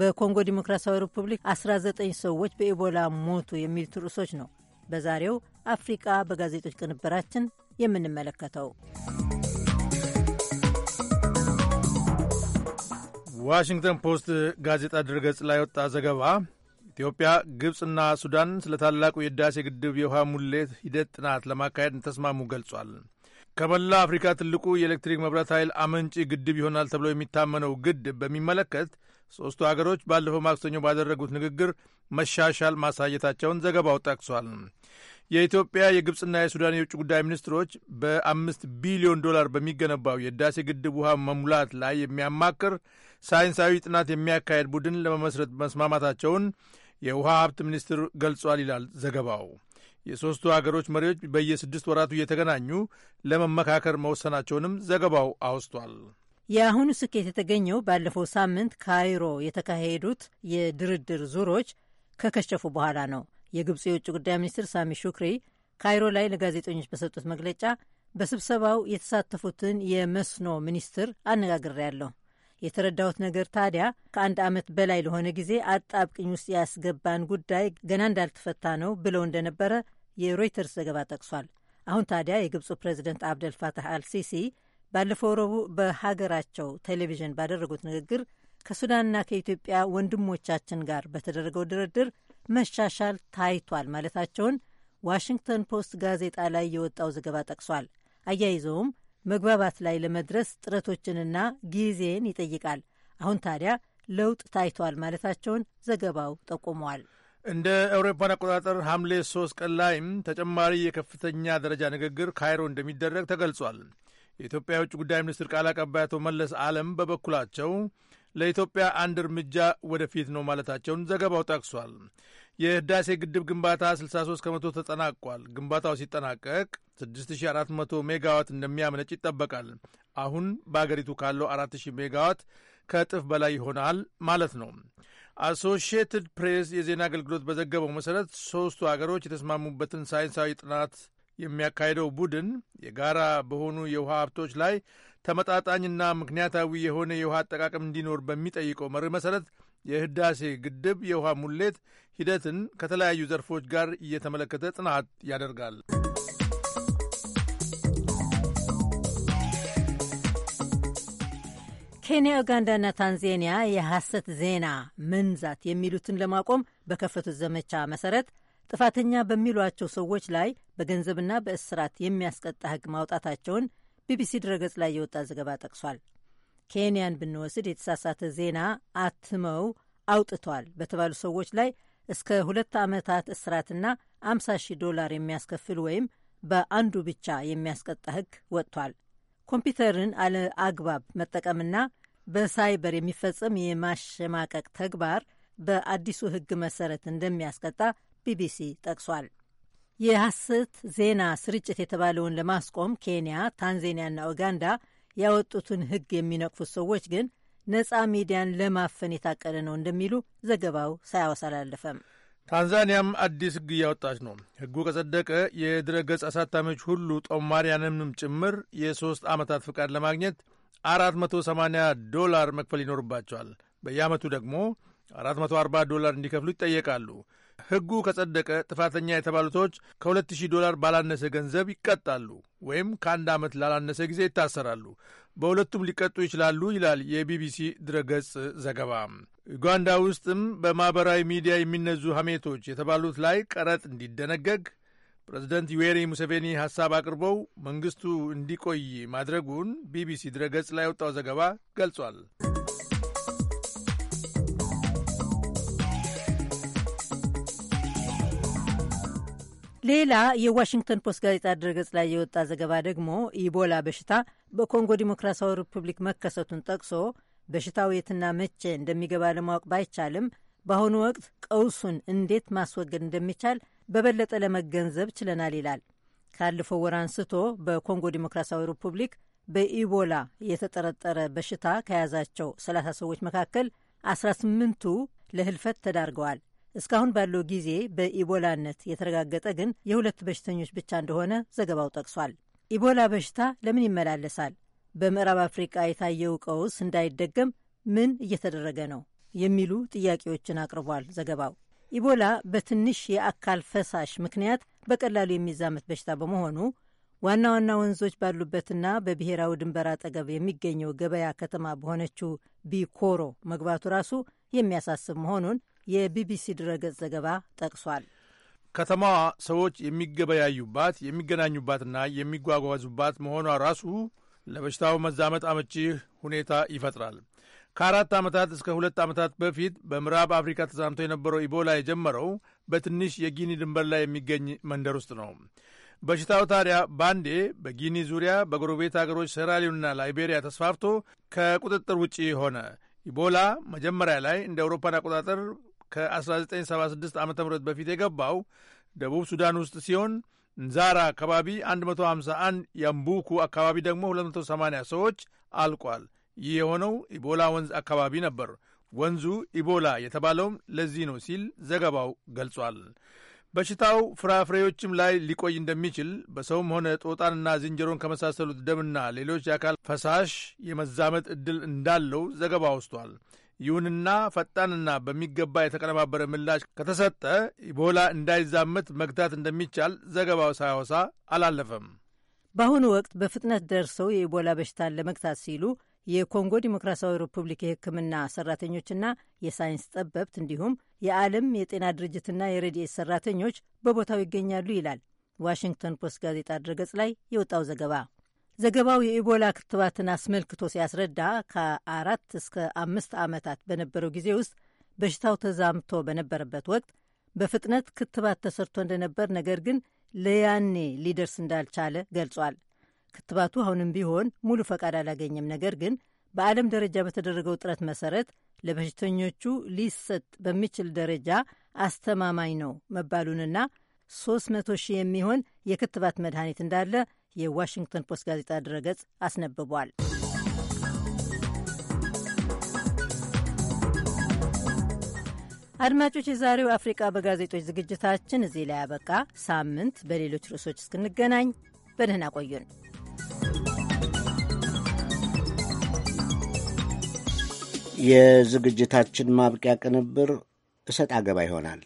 በኮንጎ ዲሞክራሲያዊ ሪፑብሊክ 19 ሰዎች በኢቦላ ሞቱ የሚሉት ርዕሶች ነው በዛሬው አፍሪቃ በጋዜጦች ቅንብራችን የምንመለከተው። ዋሽንግተን ፖስት ጋዜጣ ድረገጽ ላይ ወጣ ዘገባ ኢትዮጵያ፣ ግብፅና ሱዳን ስለ ታላቁ የህዳሴ ግድብ የውሃ ሙሌት ሂደት ጥናት ለማካሄድ ተስማሙ ገልጿል። ከመላ አፍሪካ ትልቁ የኤሌክትሪክ መብራት ኃይል አመንጪ ግድብ ይሆናል ተብሎ የሚታመነው ግድብ በሚመለከት ሦስቱ አገሮች ባለፈው ማክሰኞ ባደረጉት ንግግር መሻሻል ማሳየታቸውን ዘገባው ጠቅሷል። የኢትዮጵያ የግብፅና የሱዳን የውጭ ጉዳይ ሚኒስትሮች በአምስት ቢሊዮን ዶላር በሚገነባው የህዳሴ ግድብ ውሃ መሙላት ላይ የሚያማክር ሳይንሳዊ ጥናት የሚያካሄድ ቡድን ለመመስረት መስማማታቸውን የውሃ ሀብት ሚኒስትር ገልጿል ይላል ዘገባው። የሦስቱ አገሮች መሪዎች በየስድስት ወራቱ እየተገናኙ ለመመካከር መወሰናቸውንም ዘገባው አውስቷል። የአሁኑ ስኬት የተገኘው ባለፈው ሳምንት ካይሮ የተካሄዱት የድርድር ዙሮች ከከሸፉ በኋላ ነው። የግብፅ የውጭ ጉዳይ ሚኒስትር ሳሚ ሹክሪ ካይሮ ላይ ለጋዜጠኞች በሰጡት መግለጫ በስብሰባው የተሳተፉትን የመስኖ ሚኒስትር አነጋግሬያለሁ የተረዳሁት ነገር ታዲያ ከአንድ ዓመት በላይ ለሆነ ጊዜ አጣብቅኝ ውስጥ ያስገባን ጉዳይ ገና እንዳልተፈታ ነው ብለው እንደነበረ የሮይተርስ ዘገባ ጠቅሷል። አሁን ታዲያ የግብፁ ፕሬዚደንት አብደልፋታህ አልሲሲ ባለፈው ረቡዕ በሀገራቸው ቴሌቪዥን ባደረጉት ንግግር ከሱዳንና ከኢትዮጵያ ወንድሞቻችን ጋር በተደረገው ድርድር መሻሻል ታይቷል ማለታቸውን ዋሽንግተን ፖስት ጋዜጣ ላይ የወጣው ዘገባ ጠቅሷል። አያይዘውም መግባባት ላይ ለመድረስ ጥረቶችንና ጊዜን ይጠይቃል። አሁን ታዲያ ለውጥ ታይቷል ማለታቸውን ዘገባው ጠቁመዋል። እንደ አውሮፓን አቆጣጠር ሐምሌ ሶስት ቀን ላይም ተጨማሪ የከፍተኛ ደረጃ ንግግር ካይሮ እንደሚደረግ ተገልጿል። የኢትዮጵያ የውጭ ጉዳይ ሚኒስትር ቃል አቀባይ አቶ መለስ አለም በበኩላቸው ለኢትዮጵያ አንድ እርምጃ ወደፊት ነው ማለታቸውን ዘገባው ጠቅሷል። የህዳሴ ግድብ ግንባታ 63 ከመቶ ተጠናቋል። ግንባታው ሲጠናቀቅ 6400 ሜጋዋት እንደሚያመነጭ ይጠበቃል። አሁን በአገሪቱ ካለው 4000 ሜጋዋት ከእጥፍ በላይ ይሆናል ማለት ነው። አሶሺየትድ ፕሬስ የዜና አገልግሎት በዘገበው መሠረት ሦስቱ አገሮች የተስማሙበትን ሳይንሳዊ ጥናት የሚያካሄደው ቡድን የጋራ በሆኑ የውሃ ሀብቶች ላይ ተመጣጣኝና ምክንያታዊ የሆነ የውሃ አጠቃቀም እንዲኖር በሚጠይቀው መርህ መሠረት የህዳሴ ግድብ የውሃ ሙሌት ሂደትን ከተለያዩ ዘርፎች ጋር እየተመለከተ ጥናት ያደርጋል። ኬንያ፣ ኡጋንዳና ታንዜኒያ የሐሰት ዜና መንዛት የሚሉትን ለማቆም በከፈቱት ዘመቻ መሠረት ጥፋተኛ በሚሏቸው ሰዎች ላይ በገንዘብና በእስራት የሚያስቀጣ ሕግ ማውጣታቸውን ቢቢሲ ድረገጽ ላይ የወጣ ዘገባ ጠቅሷል። ኬንያን ብንወስድ የተሳሳተ ዜና አትመው አውጥቷል በተባሉ ሰዎች ላይ እስከ ሁለት ዓመታት እስራትና 50 ሺህ ዶላር የሚያስከፍል ወይም በአንዱ ብቻ የሚያስቀጣ ሕግ ወጥቷል። ኮምፒውተርን አለ አግባብ መጠቀምና በሳይበር የሚፈጸም የማሸማቀቅ ተግባር በአዲሱ ሕግ መሰረት እንደሚያስቀጣ ቢቢሲ ጠቅሷል። የሐሰት ዜና ስርጭት የተባለውን ለማስቆም ኬንያ፣ ታንዛኒያና ኡጋንዳ ያወጡትን ሕግ የሚነቅፉት ሰዎች ግን ነፃ ሚዲያን ለማፈን የታቀደ ነው እንደሚሉ ዘገባው ሳያወስ አላለፈም። ታንዛኒያም አዲስ ሕግ እያወጣች ነው። ሕጉ ከጸደቀ ገጽ አሳታሚዎች ሁሉ ጦማሪያንም ጭምር የሦስት ዓመታት ፍቃድ ለማግኘት 480 ዶላር መክፈል ይኖርባቸዋል። በየዓመቱ ደግሞ 440 ዶላር እንዲከፍሉ ይጠየቃሉ። ሕጉ ከጸደቀ ጥፋተኛ የተባሉቶች ከ2000 ዶላር ባላነሰ ገንዘብ ይቀጣሉ ወይም ከአንድ ዓመት ላላነሰ ጊዜ ይታሰራሉ። በሁለቱም ሊቀጡ ይችላሉ ይላል የቢቢሲ ድረገጽ ዘገባ። ዩጋንዳ ውስጥም በማኅበራዊ ሚዲያ የሚነዙ ሐሜቶች የተባሉት ላይ ቀረጥ እንዲደነገግ ፕሬዝደንት ዩዌሪ ሙሴቬኒ ሐሳብ አቅርበው መንግሥቱ እንዲቆይ ማድረጉን ቢቢሲ ድረገጽ ላይ ወጣው ዘገባ ገልጿል። ሌላ የዋሽንግተን ፖስት ጋዜጣ ድረገጽ ላይ የወጣ ዘገባ ደግሞ ኢቦላ በሽታ በኮንጎ ዲሞክራሲያዊ ሪፑብሊክ መከሰቱን ጠቅሶ በሽታው የትና መቼ እንደሚገባ ለማወቅ ባይቻልም በአሁኑ ወቅት ቀውሱን እንዴት ማስወገድ እንደሚቻል በበለጠ ለመገንዘብ ችለናል ይላል። ካለፈው ወር አንስቶ በኮንጎ ዲሞክራሲያዊ ሪፑብሊክ በኢቦላ የተጠረጠረ በሽታ ከያዛቸው 30 ሰዎች መካከል 18ቱ ለህልፈት ተዳርገዋል። እስካሁን ባለው ጊዜ በኢቦላነት የተረጋገጠ ግን የሁለት በሽተኞች ብቻ እንደሆነ ዘገባው ጠቅሷል። ኢቦላ በሽታ ለምን ይመላለሳል? በምዕራብ አፍሪቃ የታየው ቀውስ እንዳይደገም ምን እየተደረገ ነው? የሚሉ ጥያቄዎችን አቅርቧል ዘገባው። ኢቦላ በትንሽ የአካል ፈሳሽ ምክንያት በቀላሉ የሚዛመት በሽታ በመሆኑ ዋና ዋና ወንዞች ባሉበትና በብሔራዊ ድንበር አጠገብ የሚገኘው ገበያ ከተማ በሆነችው ቢኮሮ መግባቱ ራሱ የሚያሳስብ መሆኑን የቢቢሲ ድረገጽ ዘገባ ጠቅሷል። ከተማዋ ሰዎች የሚገበያዩባት የሚገናኙባትና የሚጓጓዙባት መሆኗ ራሱ ለበሽታው መዛመት አመቺ ሁኔታ ይፈጥራል። ከአራት ዓመታት እስከ ሁለት ዓመታት በፊት በምዕራብ አፍሪካ ተዛምቶ የነበረው ኢቦላ የጀመረው በትንሽ የጊኒ ድንበር ላይ የሚገኝ መንደር ውስጥ ነው። በሽታው ታዲያ ባንዴ በጊኒ ዙሪያ በጎረቤት አገሮች ሴራሊዮንና ላይቤሪያ ተስፋፍቶ ከቁጥጥር ውጪ ሆነ። ኢቦላ መጀመሪያ ላይ እንደ አውሮፓን አቆጣጠር ከ1976 ዓ ም በፊት የገባው ደቡብ ሱዳን ውስጥ ሲሆን ንዛራ አካባቢ 151፣ የምቡኩ አካባቢ ደግሞ 280 ሰዎች አልቋል። ይህ የሆነው ኢቦላ ወንዝ አካባቢ ነበር። ወንዙ ኢቦላ የተባለውም ለዚህ ነው ሲል ዘገባው ገልጿል። በሽታው ፍራፍሬዎችም ላይ ሊቆይ እንደሚችል በሰውም ሆነ ጦጣንና ዝንጀሮን ከመሳሰሉት ደምና ሌሎች የአካል ፈሳሽ የመዛመት ዕድል እንዳለው ዘገባ ወስቷል። ይሁንና ፈጣንና በሚገባ የተቀነባበረ ምላሽ ከተሰጠ ኢቦላ እንዳይዛመት መግታት እንደሚቻል ዘገባው ሳያወሳ አላለፈም። በአሁኑ ወቅት በፍጥነት ደርሰው የኢቦላ በሽታን ለመግታት ሲሉ የኮንጎ ዲሞክራሲያዊ ሪፑብሊክ የሕክምና ሰራተኞችና የሳይንስ ጠበብት እንዲሁም የዓለም የጤና ድርጅትና የረድኤት ሰራተኞች በቦታው ይገኛሉ ይላል ዋሽንግተን ፖስት ጋዜጣ ድረገጽ ላይ የወጣው ዘገባ። ዘገባው የኢቦላ ክትባትን አስመልክቶ ሲያስረዳ ከአራት እስከ አምስት ዓመታት በነበረው ጊዜ ውስጥ በሽታው ተዛምቶ በነበረበት ወቅት በፍጥነት ክትባት ተሰርቶ እንደነበር፣ ነገር ግን ለያኔ ሊደርስ እንዳልቻለ ገልጿል። ክትባቱ አሁንም ቢሆን ሙሉ ፈቃድ አላገኘም። ነገር ግን በዓለም ደረጃ በተደረገው ጥረት መሰረት ለበሽተኞቹ ሊሰጥ በሚችል ደረጃ አስተማማኝ ነው መባሉንና 300 ሺህ የሚሆን የክትባት መድኃኒት እንዳለ የዋሽንግተን ፖስት ጋዜጣ ድረገጽ አስነብቧል። አድማጮች፣ የዛሬው አፍሪቃ በጋዜጦች ዝግጅታችን እዚህ ላይ ያበቃ። ሳምንት በሌሎች ርዕሶች እስክንገናኝ በደህና ቆዩን። የዝግጅታችን ማብቂያ ቅንብር እሰጥ አገባ ይሆናል።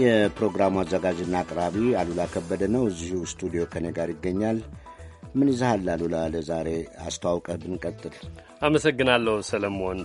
የፕሮግራሙ አዘጋጅና አቅራቢ አሉላ ከበደ ነው። እዚሁ ስቱዲዮ ከኔ ጋር ይገኛል። ምን ይዛሃል አሉላ? ለዛሬ አስተዋውቀህ ብንቀጥል አመሰግናለሁ ሰለሞን።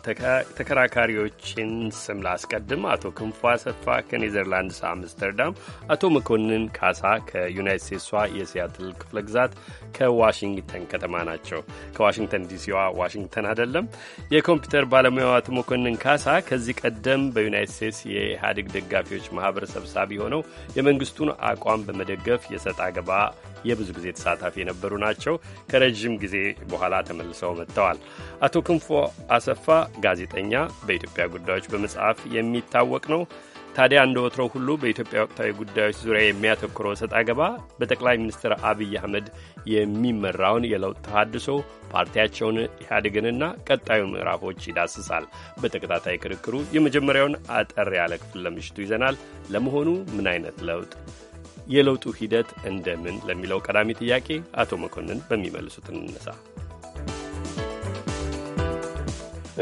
ተከራካሪዎችን ስም ላስቀድም። አቶ ክንፏ ሰፋ ከኔዘርላንድስ አምስተርዳም፣ አቶ መኮንን ካሳ ከዩናይት ስቴትሷ የሲያትል ክፍለ ግዛት ከዋሽንግተን ከተማ ናቸው። ከዋሽንግተን ዲሲዋ ዋሽንግተን አይደለም። የኮምፒውተር ባለሙያው አቶ መኮንን ካሳ ከዚህ ቀደም በዩናይት ስቴትስ የኢህአዴግ ደጋፊዎች ማህበር ሰብሳቢ ሆነው የመንግስቱን አቋም በመደገፍ የሰጥ አገባ የብዙ ጊዜ ተሳታፊ የነበሩ ናቸው። ከረዥም ጊዜ በኋላ ተመልሰው መጥተዋል። አቶ ክንፎ አሰፋ ጋዜጠኛ፣ በኢትዮጵያ ጉዳዮች በመጽሐፍ የሚታወቅ ነው። ታዲያ እንደ ወትሮ ሁሉ በኢትዮጵያ ወቅታዊ ጉዳዮች ዙሪያ የሚያተኩረው ሰጥ አገባ በጠቅላይ ሚኒስትር አብይ አህመድ የሚመራውን የለውጥ ተሃድሶ ፓርቲያቸውን ኢህአዴግንና ቀጣዩን ምዕራፎች ይዳስሳል። በተከታታይ ክርክሩ የመጀመሪያውን አጠር ያለ ክፍል ለምሽቱ ይዘናል። ለመሆኑ ምን አይነት ለውጥ የለውጡ ሂደት እንደምን ለሚለው ቀዳሚ ጥያቄ አቶ መኮንን በሚመልሱት እንነሳ።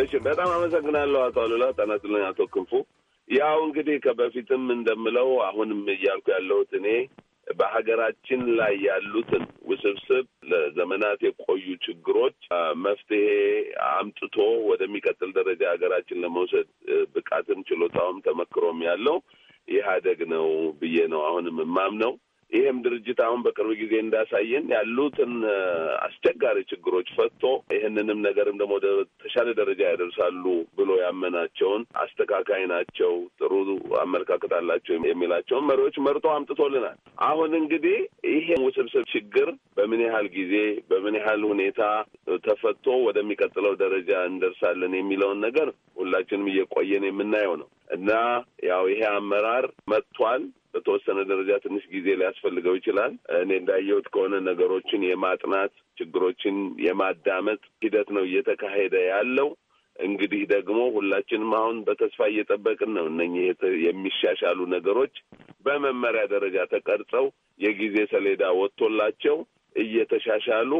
እሺ፣ በጣም አመሰግናለሁ አቶ አሉላ። ጠናስልን አቶ ክንፉ። ያው እንግዲህ ከበፊትም እንደምለው አሁንም እያልኩ ያለሁት እኔ በሀገራችን ላይ ያሉትን ውስብስብ ለዘመናት የቆዩ ችግሮች መፍትሄ አምጥቶ ወደሚቀጥል ደረጃ ሀገራችን ለመውሰድ ብቃትም ችሎታውም ተመክሮም ያለው ኢህአደግ ነው ብዬ ነው አሁንም የማምነው። ይህም ድርጅት አሁን በቅርብ ጊዜ እንዳሳየን ያሉትን አስቸጋሪ ችግሮች ፈቶ ይህንንም ነገርም ደግሞ ወደ ተሻለ ደረጃ ያደርሳሉ ብሎ ያመናቸውን አስተካካይ ናቸው፣ ጥሩ አመለካከት አላቸው የሚላቸውን መሪዎች መርጦ አምጥቶልናል። አሁን እንግዲህ ይሄ ውስብስብ ችግር በምን ያህል ጊዜ በምን ያህል ሁኔታ ተፈቶ ወደሚቀጥለው ደረጃ እንደርሳለን የሚለውን ነገር ሁላችንም እየቆየን የምናየው ነው እና ያው ይሄ አመራር መጥቷል። በተወሰነ ደረጃ ትንሽ ጊዜ ሊያስፈልገው ይችላል። እኔ እንዳየሁት ከሆነ ነገሮችን የማጥናት ችግሮችን የማዳመጥ ሂደት ነው እየተካሄደ ያለው። እንግዲህ ደግሞ ሁላችንም አሁን በተስፋ እየጠበቅን ነው። እነኚህ የሚሻሻሉ ነገሮች በመመሪያ ደረጃ ተቀርጸው የጊዜ ሰሌዳ ወጥቶላቸው እየተሻሻሉ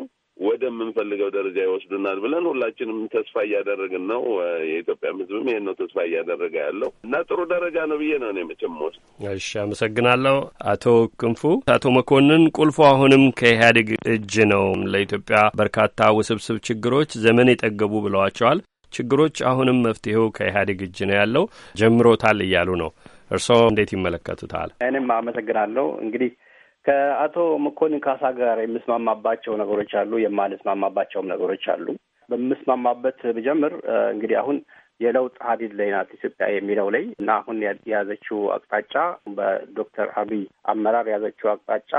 ወደምንፈልገው ደረጃ ይወስዱናል ብለን ሁላችንም ተስፋ እያደረግን ነው። የኢትዮጵያም ሕዝብም ይህን ነው ተስፋ እያደረገ ያለው እና ጥሩ ደረጃ ነው ብዬ ነው እኔ መቼም ወስድ። እሺ፣ አመሰግናለሁ አቶ ክንፉ። አቶ መኮንን ቁልፉ አሁንም ከኢህአዴግ እጅ ነው። ለኢትዮጵያ በርካታ ውስብስብ ችግሮች ዘመን የጠገቡ ብለዋቸዋል። ችግሮች አሁንም መፍትሄው ከኢህአዴግ እጅ ነው ያለው ጀምሮታል እያሉ ነው። እርስዎ እንዴት ይመለከቱታል? እኔም አመሰግናለሁ እንግዲህ ከአቶ መኮንን ካሳ ጋር የምስማማባቸው ነገሮች አሉ፣ የማልስማማባቸውም ነገሮች አሉ። በምስማማበት ብጀምር እንግዲህ አሁን የለውጥ ሀዲድ ላይ ናት ኢትዮጵያ የሚለው ላይ እና አሁን የያዘችው አቅጣጫ በዶክተር አብይ አመራር የያዘችው አቅጣጫ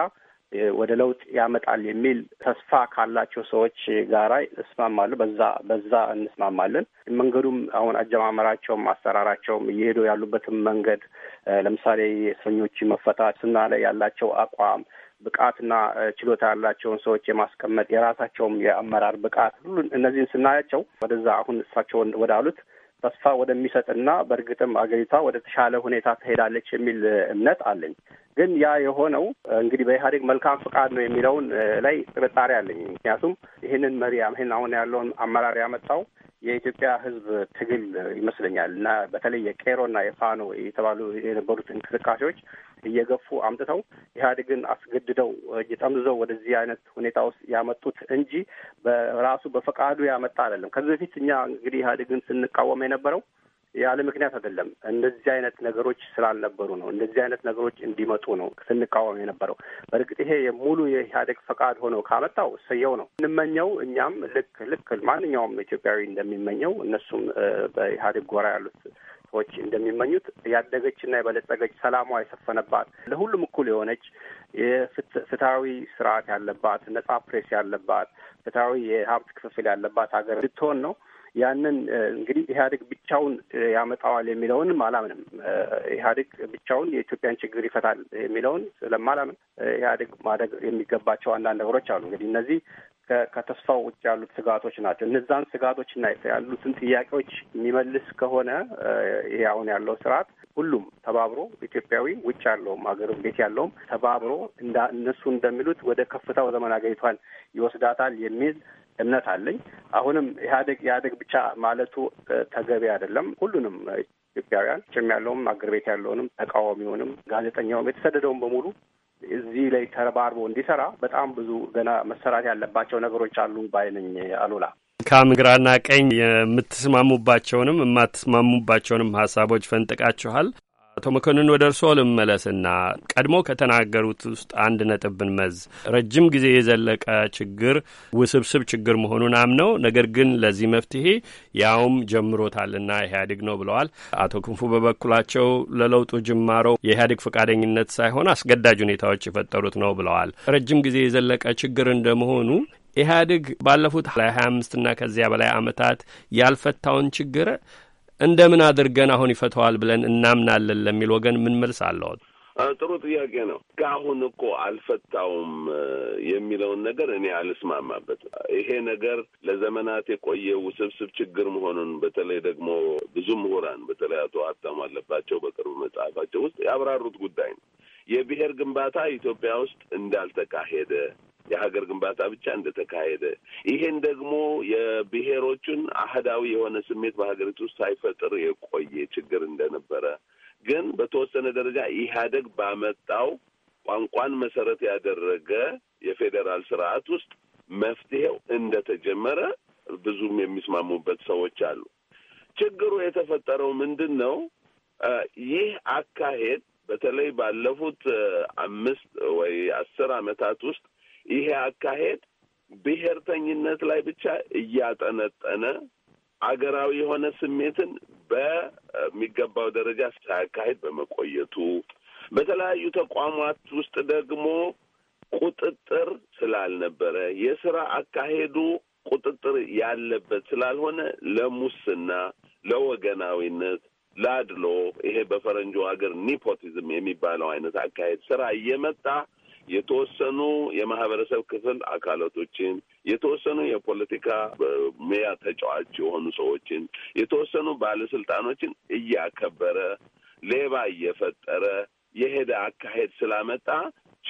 ወደ ለውጥ ያመጣል የሚል ተስፋ ካላቸው ሰዎች ጋራ እስማማለሁ። በዛ በዛ እንስማማለን። መንገዱም አሁን አጀማመራቸውም አሰራራቸውም እየሄዱ ያሉበትም መንገድ ለምሳሌ የእስረኞች መፈታት ስና ላይ ያላቸው አቋም ብቃትና ችሎታ ያላቸውን ሰዎች የማስቀመጥ የራሳቸውም የአመራር ብቃት ሁሉ እነዚህን ስናያቸው ወደዛ አሁን እሳቸውን ወዳሉት ተስፋ ወደሚሰጥና በእርግጥም አገሪቷ ወደ ተሻለ ሁኔታ ትሄዳለች የሚል እምነት አለኝ። ግን ያ የሆነው እንግዲህ በኢህአዴግ መልካም ፍቃድ ነው የሚለውን ላይ ጥርጣሬ አለኝ። ምክንያቱም ይህንን መሪ ይህን አሁን ያለውን አመራር ያመጣው የኢትዮጵያ ሕዝብ ትግል ይመስለኛል እና በተለይ የቄሮና የፋኖ የተባሉ የነበሩት እንቅስቃሴዎች እየገፉ አምጥተው ኢህአዴግን አስገድደው እየጠምዘው ወደዚህ አይነት ሁኔታ ውስጥ ያመጡት እንጂ በራሱ በፈቃዱ ያመጣ አይደለም። ከዚህ በፊት እኛ እንግዲህ ኢህአዴግን ስንቃወም የነበረው ያለ ምክንያት አይደለም። እንደዚህ አይነት ነገሮች ስላልነበሩ ነው። እንደዚህ አይነት ነገሮች እንዲመጡ ነው ስንቃወም የነበረው። በእርግጥ ይሄ ሙሉ የኢህአዴግ ፈቃድ ሆኖ ካመጣው እሰየው ነው እንመኘው። እኛም ልክ ልክ ማንኛውም ኢትዮጵያዊ እንደሚመኘው እነሱም በኢህአዴግ ጎራ ያሉት ህዝቦች እንደሚመኙት ያደገችና የበለጸገች ሰላሟ የሰፈነባት ለሁሉም እኩል የሆነች የፍትሐዊ ስርዓት ያለባት ነጻ ፕሬስ ያለባት ፍትሐዊ የሀብት ክፍፍል ያለባት ሀገር ልትሆን ነው። ያንን እንግዲህ ኢህአዴግ ብቻውን ያመጣዋል የሚለውንም አላምንም። ኢህአዴግ ብቻውን የኢትዮጵያን ችግር ይፈታል የሚለውን ስለማላምን ኢህአዴግ ማደግ የሚገባቸው አንዳንድ ነገሮች አሉ። እንግዲህ እነዚህ ከተስፋው ውጭ ያሉት ስጋቶች ናቸው። እነዛን ስጋቶች እና ያሉትን ጥያቄዎች የሚመልስ ከሆነ ይሄ አሁን ያለው ስርዓት ሁሉም ተባብሮ ኢትዮጵያዊ ውጭ ያለውም ሀገር ቤት ያለውም ተባብሮ እነሱ እንደሚሉት ወደ ከፍታው ዘመን አገሪቷን ይወስዳታል የሚል እምነት አለኝ። አሁንም ኢህአዴግ ኢህአዴግ ብቻ ማለቱ ተገቢ አይደለም። ሁሉንም ኢትዮጵያውያን ጭም ያለውም አገር ቤት ያለውንም ተቃዋሚውንም ጋዜጠኛውም የተሰደደውን በሙሉ እዚህ ላይ ተረባርቦ እንዲሰራ በጣም ብዙ ገና መሰራት ያለባቸው ነገሮች አሉ ባይነኝ አሉላ ከግራና ቀኝ የምትስማሙባቸውንም የማትስማሙባቸውንም ሀሳቦች ፈንጥቃችኋል። አቶ መኮንን ወደ እርስዎ ልመለስና ቀድሞ ከተናገሩት ውስጥ አንድ ነጥብ ብንመዝ ረጅም ጊዜ የዘለቀ ችግር ውስብስብ ችግር መሆኑን አምነው፣ ነገር ግን ለዚህ መፍትሄ ያውም ጀምሮታልና ኢህአዴግ ነው ብለዋል። አቶ ክንፉ በበኩላቸው ለለውጡ ጅማሮ የኢህአዴግ ፈቃደኝነት ሳይሆን አስገዳጅ ሁኔታዎች የፈጠሩት ነው ብለዋል። ረጅም ጊዜ የዘለቀ ችግር እንደመሆኑ ኢህአዴግ ባለፉት ሀያ አምስትና ከዚያ በላይ አመታት ያልፈታውን ችግር እንደምን አድርገን አሁን ይፈተዋል ብለን እናምናለን ለሚል ወገን ምን መልስ አለዎት? ጥሩ ጥያቄ ነው። እስካሁን እኮ አልፈታውም የሚለውን ነገር እኔ አልስማማበት። ይሄ ነገር ለዘመናት የቆየ ውስብስብ ችግር መሆኑን በተለይ ደግሞ ብዙ ምሁራን በተለይ አቶ ሀብታሙ አለባቸው በቅርብ መጽሐፋቸው ውስጥ ያብራሩት ጉዳይ ነው። የብሔር ግንባታ ኢትዮጵያ ውስጥ እንዳልተካሄደ የሀገር ግንባታ ብቻ እንደተካሄደ ይሄን ደግሞ የብሔሮቹን አህዳዊ የሆነ ስሜት በሀገሪቱ ውስጥ ሳይፈጥር የቆየ ችግር እንደነበረ ግን በተወሰነ ደረጃ ኢህአደግ ባመጣው ቋንቋን መሰረት ያደረገ የፌዴራል ስርዓት ውስጥ መፍትሄው እንደተጀመረ ብዙም የሚስማሙበት ሰዎች አሉ። ችግሩ የተፈጠረው ምንድን ነው? ይህ አካሄድ በተለይ ባለፉት አምስት ወይ አስር ዓመታት ውስጥ ይሄ አካሄድ ብሔርተኝነት ላይ ብቻ እያጠነጠነ አገራዊ የሆነ ስሜትን በሚገባው ደረጃ ሳያካሄድ በመቆየቱ በተለያዩ ተቋማት ውስጥ ደግሞ ቁጥጥር ስላልነበረ የስራ አካሄዱ ቁጥጥር ያለበት ስላልሆነ ለሙስና፣ ለወገናዊነት፣ ላድሎ ይሄ በፈረንጆ ሀገር ኒፖቲዝም የሚባለው አይነት አካሄድ ስራ እየመጣ የተወሰኑ የማህበረሰብ ክፍል አካላቶችን፣ የተወሰኑ የፖለቲካ ሙያ ተጫዋች የሆኑ ሰዎችን፣ የተወሰኑ ባለስልጣኖችን እያከበረ ሌባ እየፈጠረ የሄደ አካሄድ ስላመጣ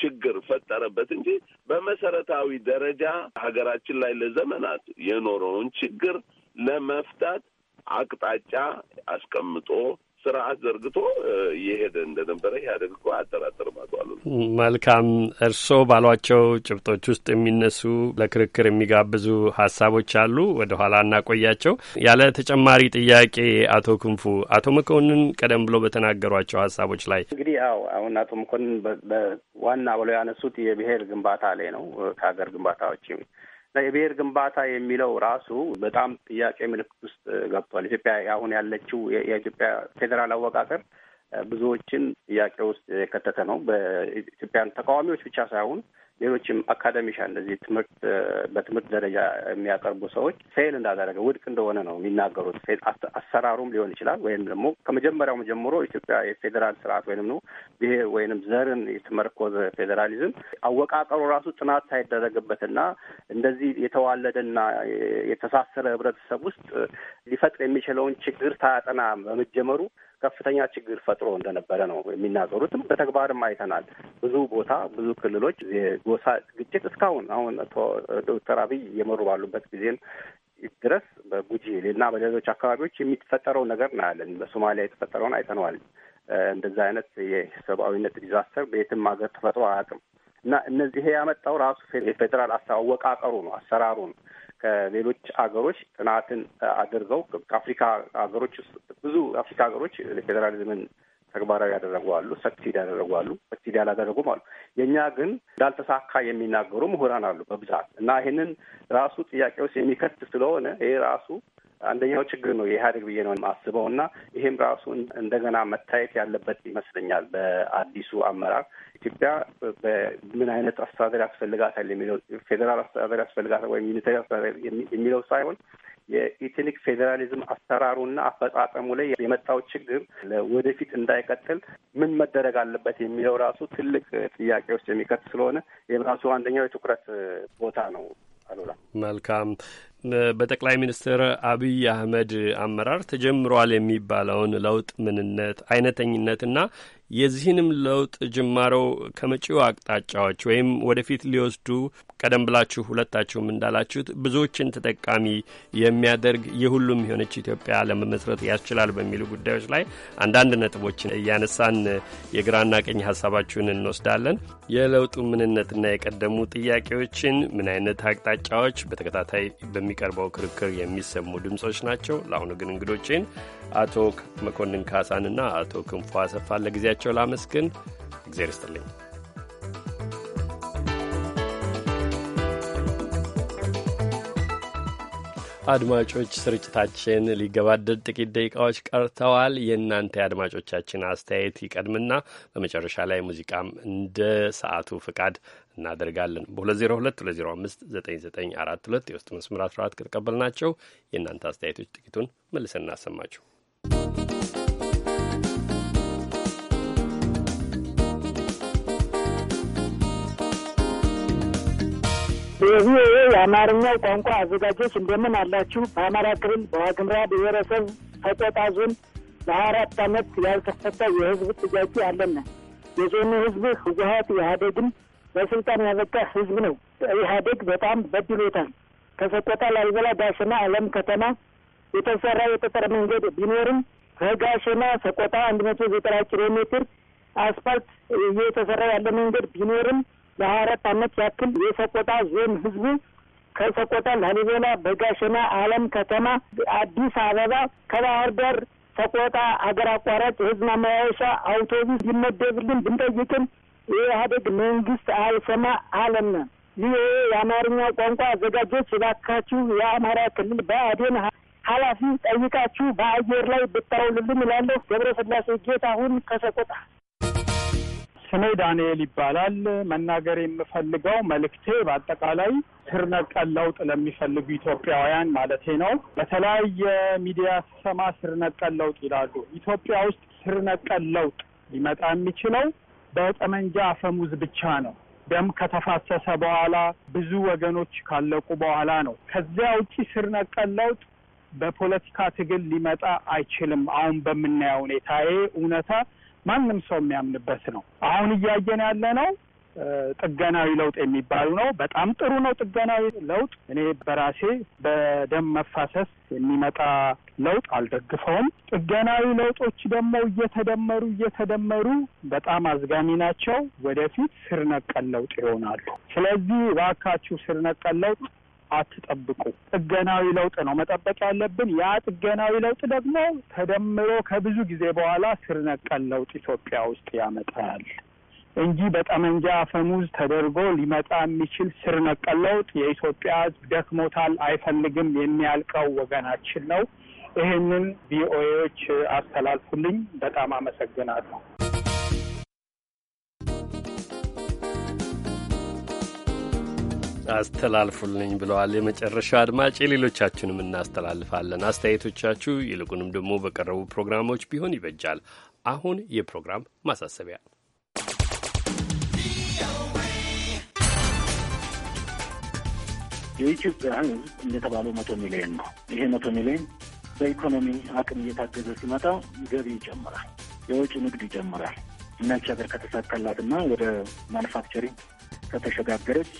ችግር ፈጠረበት እንጂ በመሰረታዊ ደረጃ ሀገራችን ላይ ለዘመናት የኖረውን ችግር ለመፍታት አቅጣጫ አስቀምጦ ስርዓት ዘርግቶ የሄደ እንደነበረ ኢህአዴግ እኮ አያጠራጥርም። አቶ መልካም፣ እርስዎ ባሏቸው ጭብጦች ውስጥ የሚነሱ ለክርክር የሚጋብዙ ሀሳቦች አሉ። ወደ ኋላ እናቆያቸው። ያለ ተጨማሪ ጥያቄ አቶ ክንፉ፣ አቶ መኮንን ቀደም ብሎ በተናገሯቸው ሀሳቦች ላይ እንግዲህ ያው አሁን አቶ መኮንን ዋና ብለው ያነሱት የብሄር ግንባታ ላይ ነው ከሀገር ግንባታዎች የብሔር ግንባታ የሚለው ራሱ በጣም ጥያቄ ምልክት ውስጥ ገብቷል። ኢትዮጵያ አሁን ያለችው የኢትዮጵያ ፌዴራል አወቃቀር ብዙዎችን ጥያቄ ውስጥ የከተተ ነው። በኢትዮጵያን ተቃዋሚዎች ብቻ ሳይሆን ሌሎችም አካደሚሻ እንደዚህ ትምህርት በትምህርት ደረጃ የሚያቀርቡ ሰዎች ፌል እንዳደረገ ውድቅ እንደሆነ ነው የሚናገሩት። አሰራሩም ሊሆን ይችላል ወይም ደግሞ ከመጀመሪያውም ጀምሮ ኢትዮጵያ የፌዴራል ስርዓት ወይም ነው ብሔር ወይንም ዘርን የተመረኮዘ ፌዴራሊዝም አወቃቀሩ ራሱ ጥናት ሳይደረግበትና እንደዚህ የተዋለደና የተሳሰረ ህብረተሰብ ውስጥ ሊፈጥር የሚችለውን ችግር ሳያጠና በመጀመሩ ከፍተኛ ችግር ፈጥሮ እንደነበረ ነው የሚናገሩትም። በተግባርም አይተናል። ብዙ ቦታ ብዙ ክልሎች የጎሳ ግጭት እስካሁን አሁን ዶክተር አብይ እየመሩ ባሉበት ጊዜም ድረስ በጉጂ እና በሌሎች አካባቢዎች የሚፈጠረው ነገር እናያለን። በሶማሊያ የተፈጠረውን አይተነዋል። እንደዛ አይነት የሰብአዊነት ዲዛስተር በየትም ሀገር ተፈጥሮ አያውቅም እና እነዚህ ያመጣው ራሱ የፌዴራል አወቃቀሩ ነው፣ አሰራሩ ነው። ከሌሎች አገሮች ጥናትን አድርገው ከአፍሪካ ሀገሮች ውስጥ ብዙ አፍሪካ ሀገሮች ፌዴራሊዝምን ተግባራዊ ያደረጉ አሉ፣ ሰክሲድ ያደረጉ አሉ፣ ሰክሲድ ያላደረጉም አሉ። የእኛ ግን እንዳልተሳካ የሚናገሩ ምሁራን አሉ በብዛት እና ይህንን ራሱ ጥያቄ ውስጥ የሚከት ስለሆነ ይሄ ራሱ አንደኛው ችግር ነው የኢህአዴግ ብዬ ነው የማስበው እና ይሄም ራሱ እንደገና መታየት ያለበት ይመስለኛል በአዲሱ አመራር ኢትዮጵያ በምን አይነት አስተዳደር ያስፈልጋታል የሚለው ፌዴራል አስተዳደር ያስፈልጋታል ወይም ዩኒታሪ አስተዳደር የሚለው ሳይሆን የኢትኒክ ፌዴራሊዝም አሰራሩና አፈጻጸሙ ላይ የመጣው ችግር ወደፊት እንዳይቀጥል ምን መደረግ አለበት የሚለው ራሱ ትልቅ ጥያቄ ውስጥ የሚከት ስለሆነ ይህም ራሱ አንደኛው የትኩረት ቦታ ነው። አሉላ መልካም በጠቅላይ ሚኒስትር አብይ አህመድ አመራር ተጀምሯል የሚባለውን ለውጥ ምንነት አይነተኝነትና የዚህንም ለውጥ ጅማሮ ከመጪው አቅጣጫዎች ወይም ወደፊት ሊወስዱ ቀደም ብላችሁ ሁለታችሁም እንዳላችሁት ብዙዎችን ተጠቃሚ የሚያደርግ የሁሉም የሆነች ኢትዮጵያ ለመመስረት ያስችላል በሚሉ ጉዳዮች ላይ አንዳንድ ነጥቦችን እያነሳን የግራና ቀኝ ሀሳባችሁን እንወስዳለን። የለውጡ ምንነትና የቀደሙ ጥያቄዎችን ምን አይነት አቅጣጫዎች በተከታታይ በሚቀርበው ክርክር የሚሰሙ ድምጾች ናቸው። ለአሁኑ ግን እንግዶችን አቶ መኮንን ካሳንና አቶ ክንፎ አሰፋን ለጊዜያቸው ጌታቸው ላመስግን። እግዜር ይስጥልኝ። አድማጮች ስርጭታችን ሊገባደድ ጥቂት ደቂቃዎች ቀርተዋል። የእናንተ የአድማጮቻችን አስተያየት ይቀድምና በመጨረሻ ላይ ሙዚቃም እንደ ሰዓቱ ፍቃድ እናደርጋለን። በ202 የውስጥ መስመር 14 ከተቀበልናቸው የእናንተ አስተያየቶች ጥቂቱን መልሰን እናሰማችሁ። የቪኦኤ የአማርኛው ቋንቋ አዘጋጆች እንደምን አላችሁ? በአማራ ክልል በዋግምራ ብሔረሰብ ሰቆጣ ዞን ለሀያ አራት ዓመት ያልተፈታ የህዝብ ጥያቄ አለና የዞኑ ህዝብ ህወሀት ኢህአዴግን በስልጣን ያበቃ ህዝብ ነው። ኢህአዴግ በጣም በድሎታል። ከሰቆጣ ላሊበላ ጋሸና አለም ከተማ የተሰራ የጠጠር መንገድ ቢኖርም ከጋሸና ሰቆጣ አንድ መቶ ዘጠና ኪሎ ሜትር አስፋልት እየተሰራ ያለ መንገድ ቢኖርም ለሀያ አመት ያክል የሰቆጣ ዞን ህዝቡ ከሰቆጣ ላሊበላ፣ በጋሸና፣ አለም ከተማ፣ አዲስ አበባ ከባህር ዳር ሰቆጣ አገር አቋራጭ የህዝብ ማመላለሻ አውቶቡስ ይመደብልን ብንጠይቅም የኢህአዴግ መንግስት አልሰማ አለም። ይህ የአማርኛ ቋንቋ አዘጋጆች እባካችሁ የአማራ ክልል በአዴን ኃላፊ ጠይቃችሁ በአየር ላይ ብታውልልን እላለሁ። ገብረ ስላሴ ጌታሁን ከሰቆጣ ስሜ ዳንኤል ይባላል። መናገር የምፈልገው መልእክቴ በአጠቃላይ ስር ነቀል ለውጥ ለሚፈልጉ ኢትዮጵያውያን ማለቴ ነው። በተለያየ ሚዲያ ስሰማ ስር ነቀል ለውጥ ይላሉ። ኢትዮጵያ ውስጥ ስር ነቀል ለውጥ ሊመጣ የሚችለው በጠመንጃ አፈሙዝ ብቻ ነው። ደም ከተፋሰሰ በኋላ ብዙ ወገኖች ካለቁ በኋላ ነው። ከዚያ ውጪ ስር ነቀል ለውጥ በፖለቲካ ትግል ሊመጣ አይችልም። አሁን በምናየው ሁኔታ ይሄ እውነታ ማንም ሰው የሚያምንበት ነው። አሁን እያየን ያለ ነው ጥገናዊ ለውጥ የሚባሉ ነው። በጣም ጥሩ ነው ጥገናዊ ለውጥ። እኔ በራሴ በደም መፋሰስ የሚመጣ ለውጥ አልደግፈውም። ጥገናዊ ለውጦች ደግሞ እየተደመሩ እየተደመሩ በጣም አዝጋሚ ናቸው። ወደፊት ስር ነቀል ለውጥ ይሆናሉ። ስለዚህ እባካችሁ ስር ነቀል ለውጥ አትጠብቁ። ጥገናዊ ለውጥ ነው መጠበቅ ያለብን። ያ ጥገናዊ ለውጥ ደግሞ ተደምሮ ከብዙ ጊዜ በኋላ ስር ነቀል ለውጥ ኢትዮጵያ ውስጥ ያመጣል እንጂ በጠመንጃ አፈሙዝ ተደርጎ ሊመጣ የሚችል ስር ነቀል ለውጥ የኢትዮጵያ ሕዝብ ደክሞታል፣ አይፈልግም። የሚያልቀው ወገናችን ነው። ይህንን ቪኦኤዎች አስተላልፉልኝ። በጣም አመሰግናለሁ። አስተላልፉልኝ ብለዋል የመጨረሻው አድማጭ። ሌሎቻችሁንም እናስተላልፋለን። አስተያየቶቻችሁ ይልቁንም ደግሞ በቀረቡ ፕሮግራሞች ቢሆን ይበጃል። አሁን የፕሮግራም ማሳሰቢያ የኢትዮጵያ ሕዝብ እንደተባለው መቶ ሚሊዮን ነው። ይሄ መቶ ሚሊዮን በኢኮኖሚ አቅም እየታገዘ ሲመጣ ገቢ ይጨምራል፣ የውጭ ንግድ ይጨምራል። እናች ሀገር ከተሳካላትና ወደ ማኑፋክቸሪንግ ከተሸጋገረች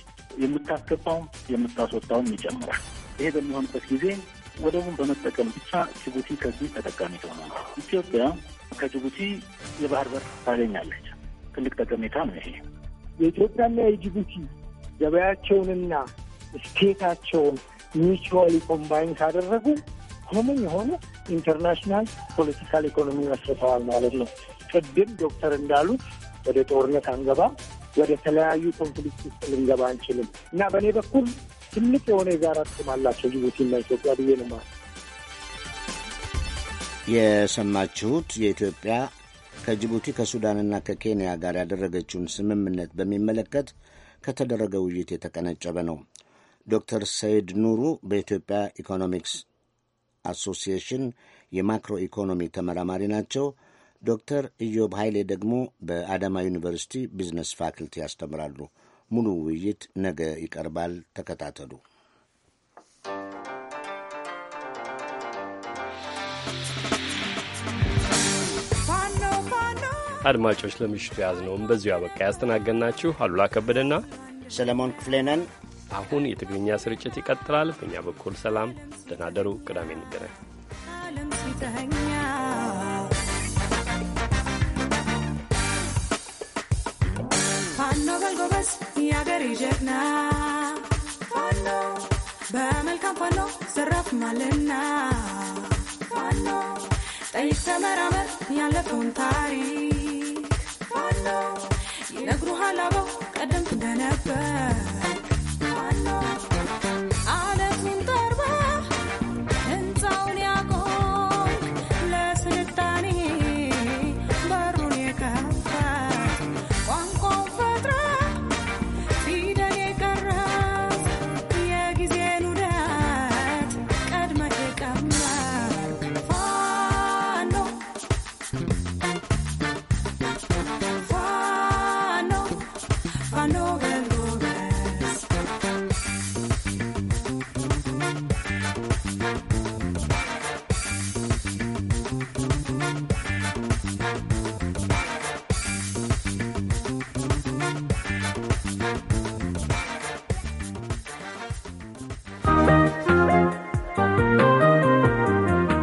የምታስገባውም የምታስወጣውም ይጨምራል። ይሄ በሚሆንበት ጊዜ ወደቡን በመጠቀም ብቻ ጅቡቲ ከዚህ ተጠቃሚ ትሆናለች። ኢትዮጵያ ከጅቡቲ የባህር በር ታገኛለች። ትልቅ ጠቀሜታ ነው ይሄ። የኢትዮጵያና የጅቡቲ ገበያቸውንና ስቴታቸውን ሚቹዋሊ ኮምባይን ካደረጉ ሆምን የሆነ ኢንተርናሽናል ፖለቲካል ኢኮኖሚ መስርተዋል ማለት ነው። ቅድም ዶክተር እንዳሉት ወደ ጦርነት አንገባ ወደ ተለያዩ ኮንፍሊክት ውስጥ ልንገባ አንችልም እና በእኔ በኩል ትልቅ የሆነ የጋራ ጥቅም አላቸው ጅቡቲና ኢትዮጵያ ብዬ ነው። የሰማችሁት የኢትዮጵያ ከጅቡቲ ከሱዳንና ከኬንያ ጋር ያደረገችውን ስምምነት በሚመለከት ከተደረገ ውይይት የተቀነጨበ ነው። ዶክተር ሰይድ ኑሩ በኢትዮጵያ ኢኮኖሚክስ አሶሲዬሽን የማክሮ ኢኮኖሚ ተመራማሪ ናቸው። ዶክተር ኢዮብ ኃይሌ ደግሞ በአዳማ ዩኒቨርሲቲ ቢዝነስ ፋክልቲ ያስተምራሉ። ሙሉ ውይይት ነገ ይቀርባል። ተከታተሉ። አድማጮች፣ ለምሽቱ የያዝነውን በዚሁ አበቃ። ያስተናገድናችሁ አሉላ ከበደና ሰለሞን ክፍሌ ነን። አሁን የትግርኛ ስርጭት ይቀጥላል። በእኛ በኩል ሰላም፣ ደህና ደሩ። ቅዳሜ እንገናኝ። ጀግና ያለፈውን ታሪክ ፋኖ ይነግሩሃል አበው ቀደምት እንደነበር ፋኖ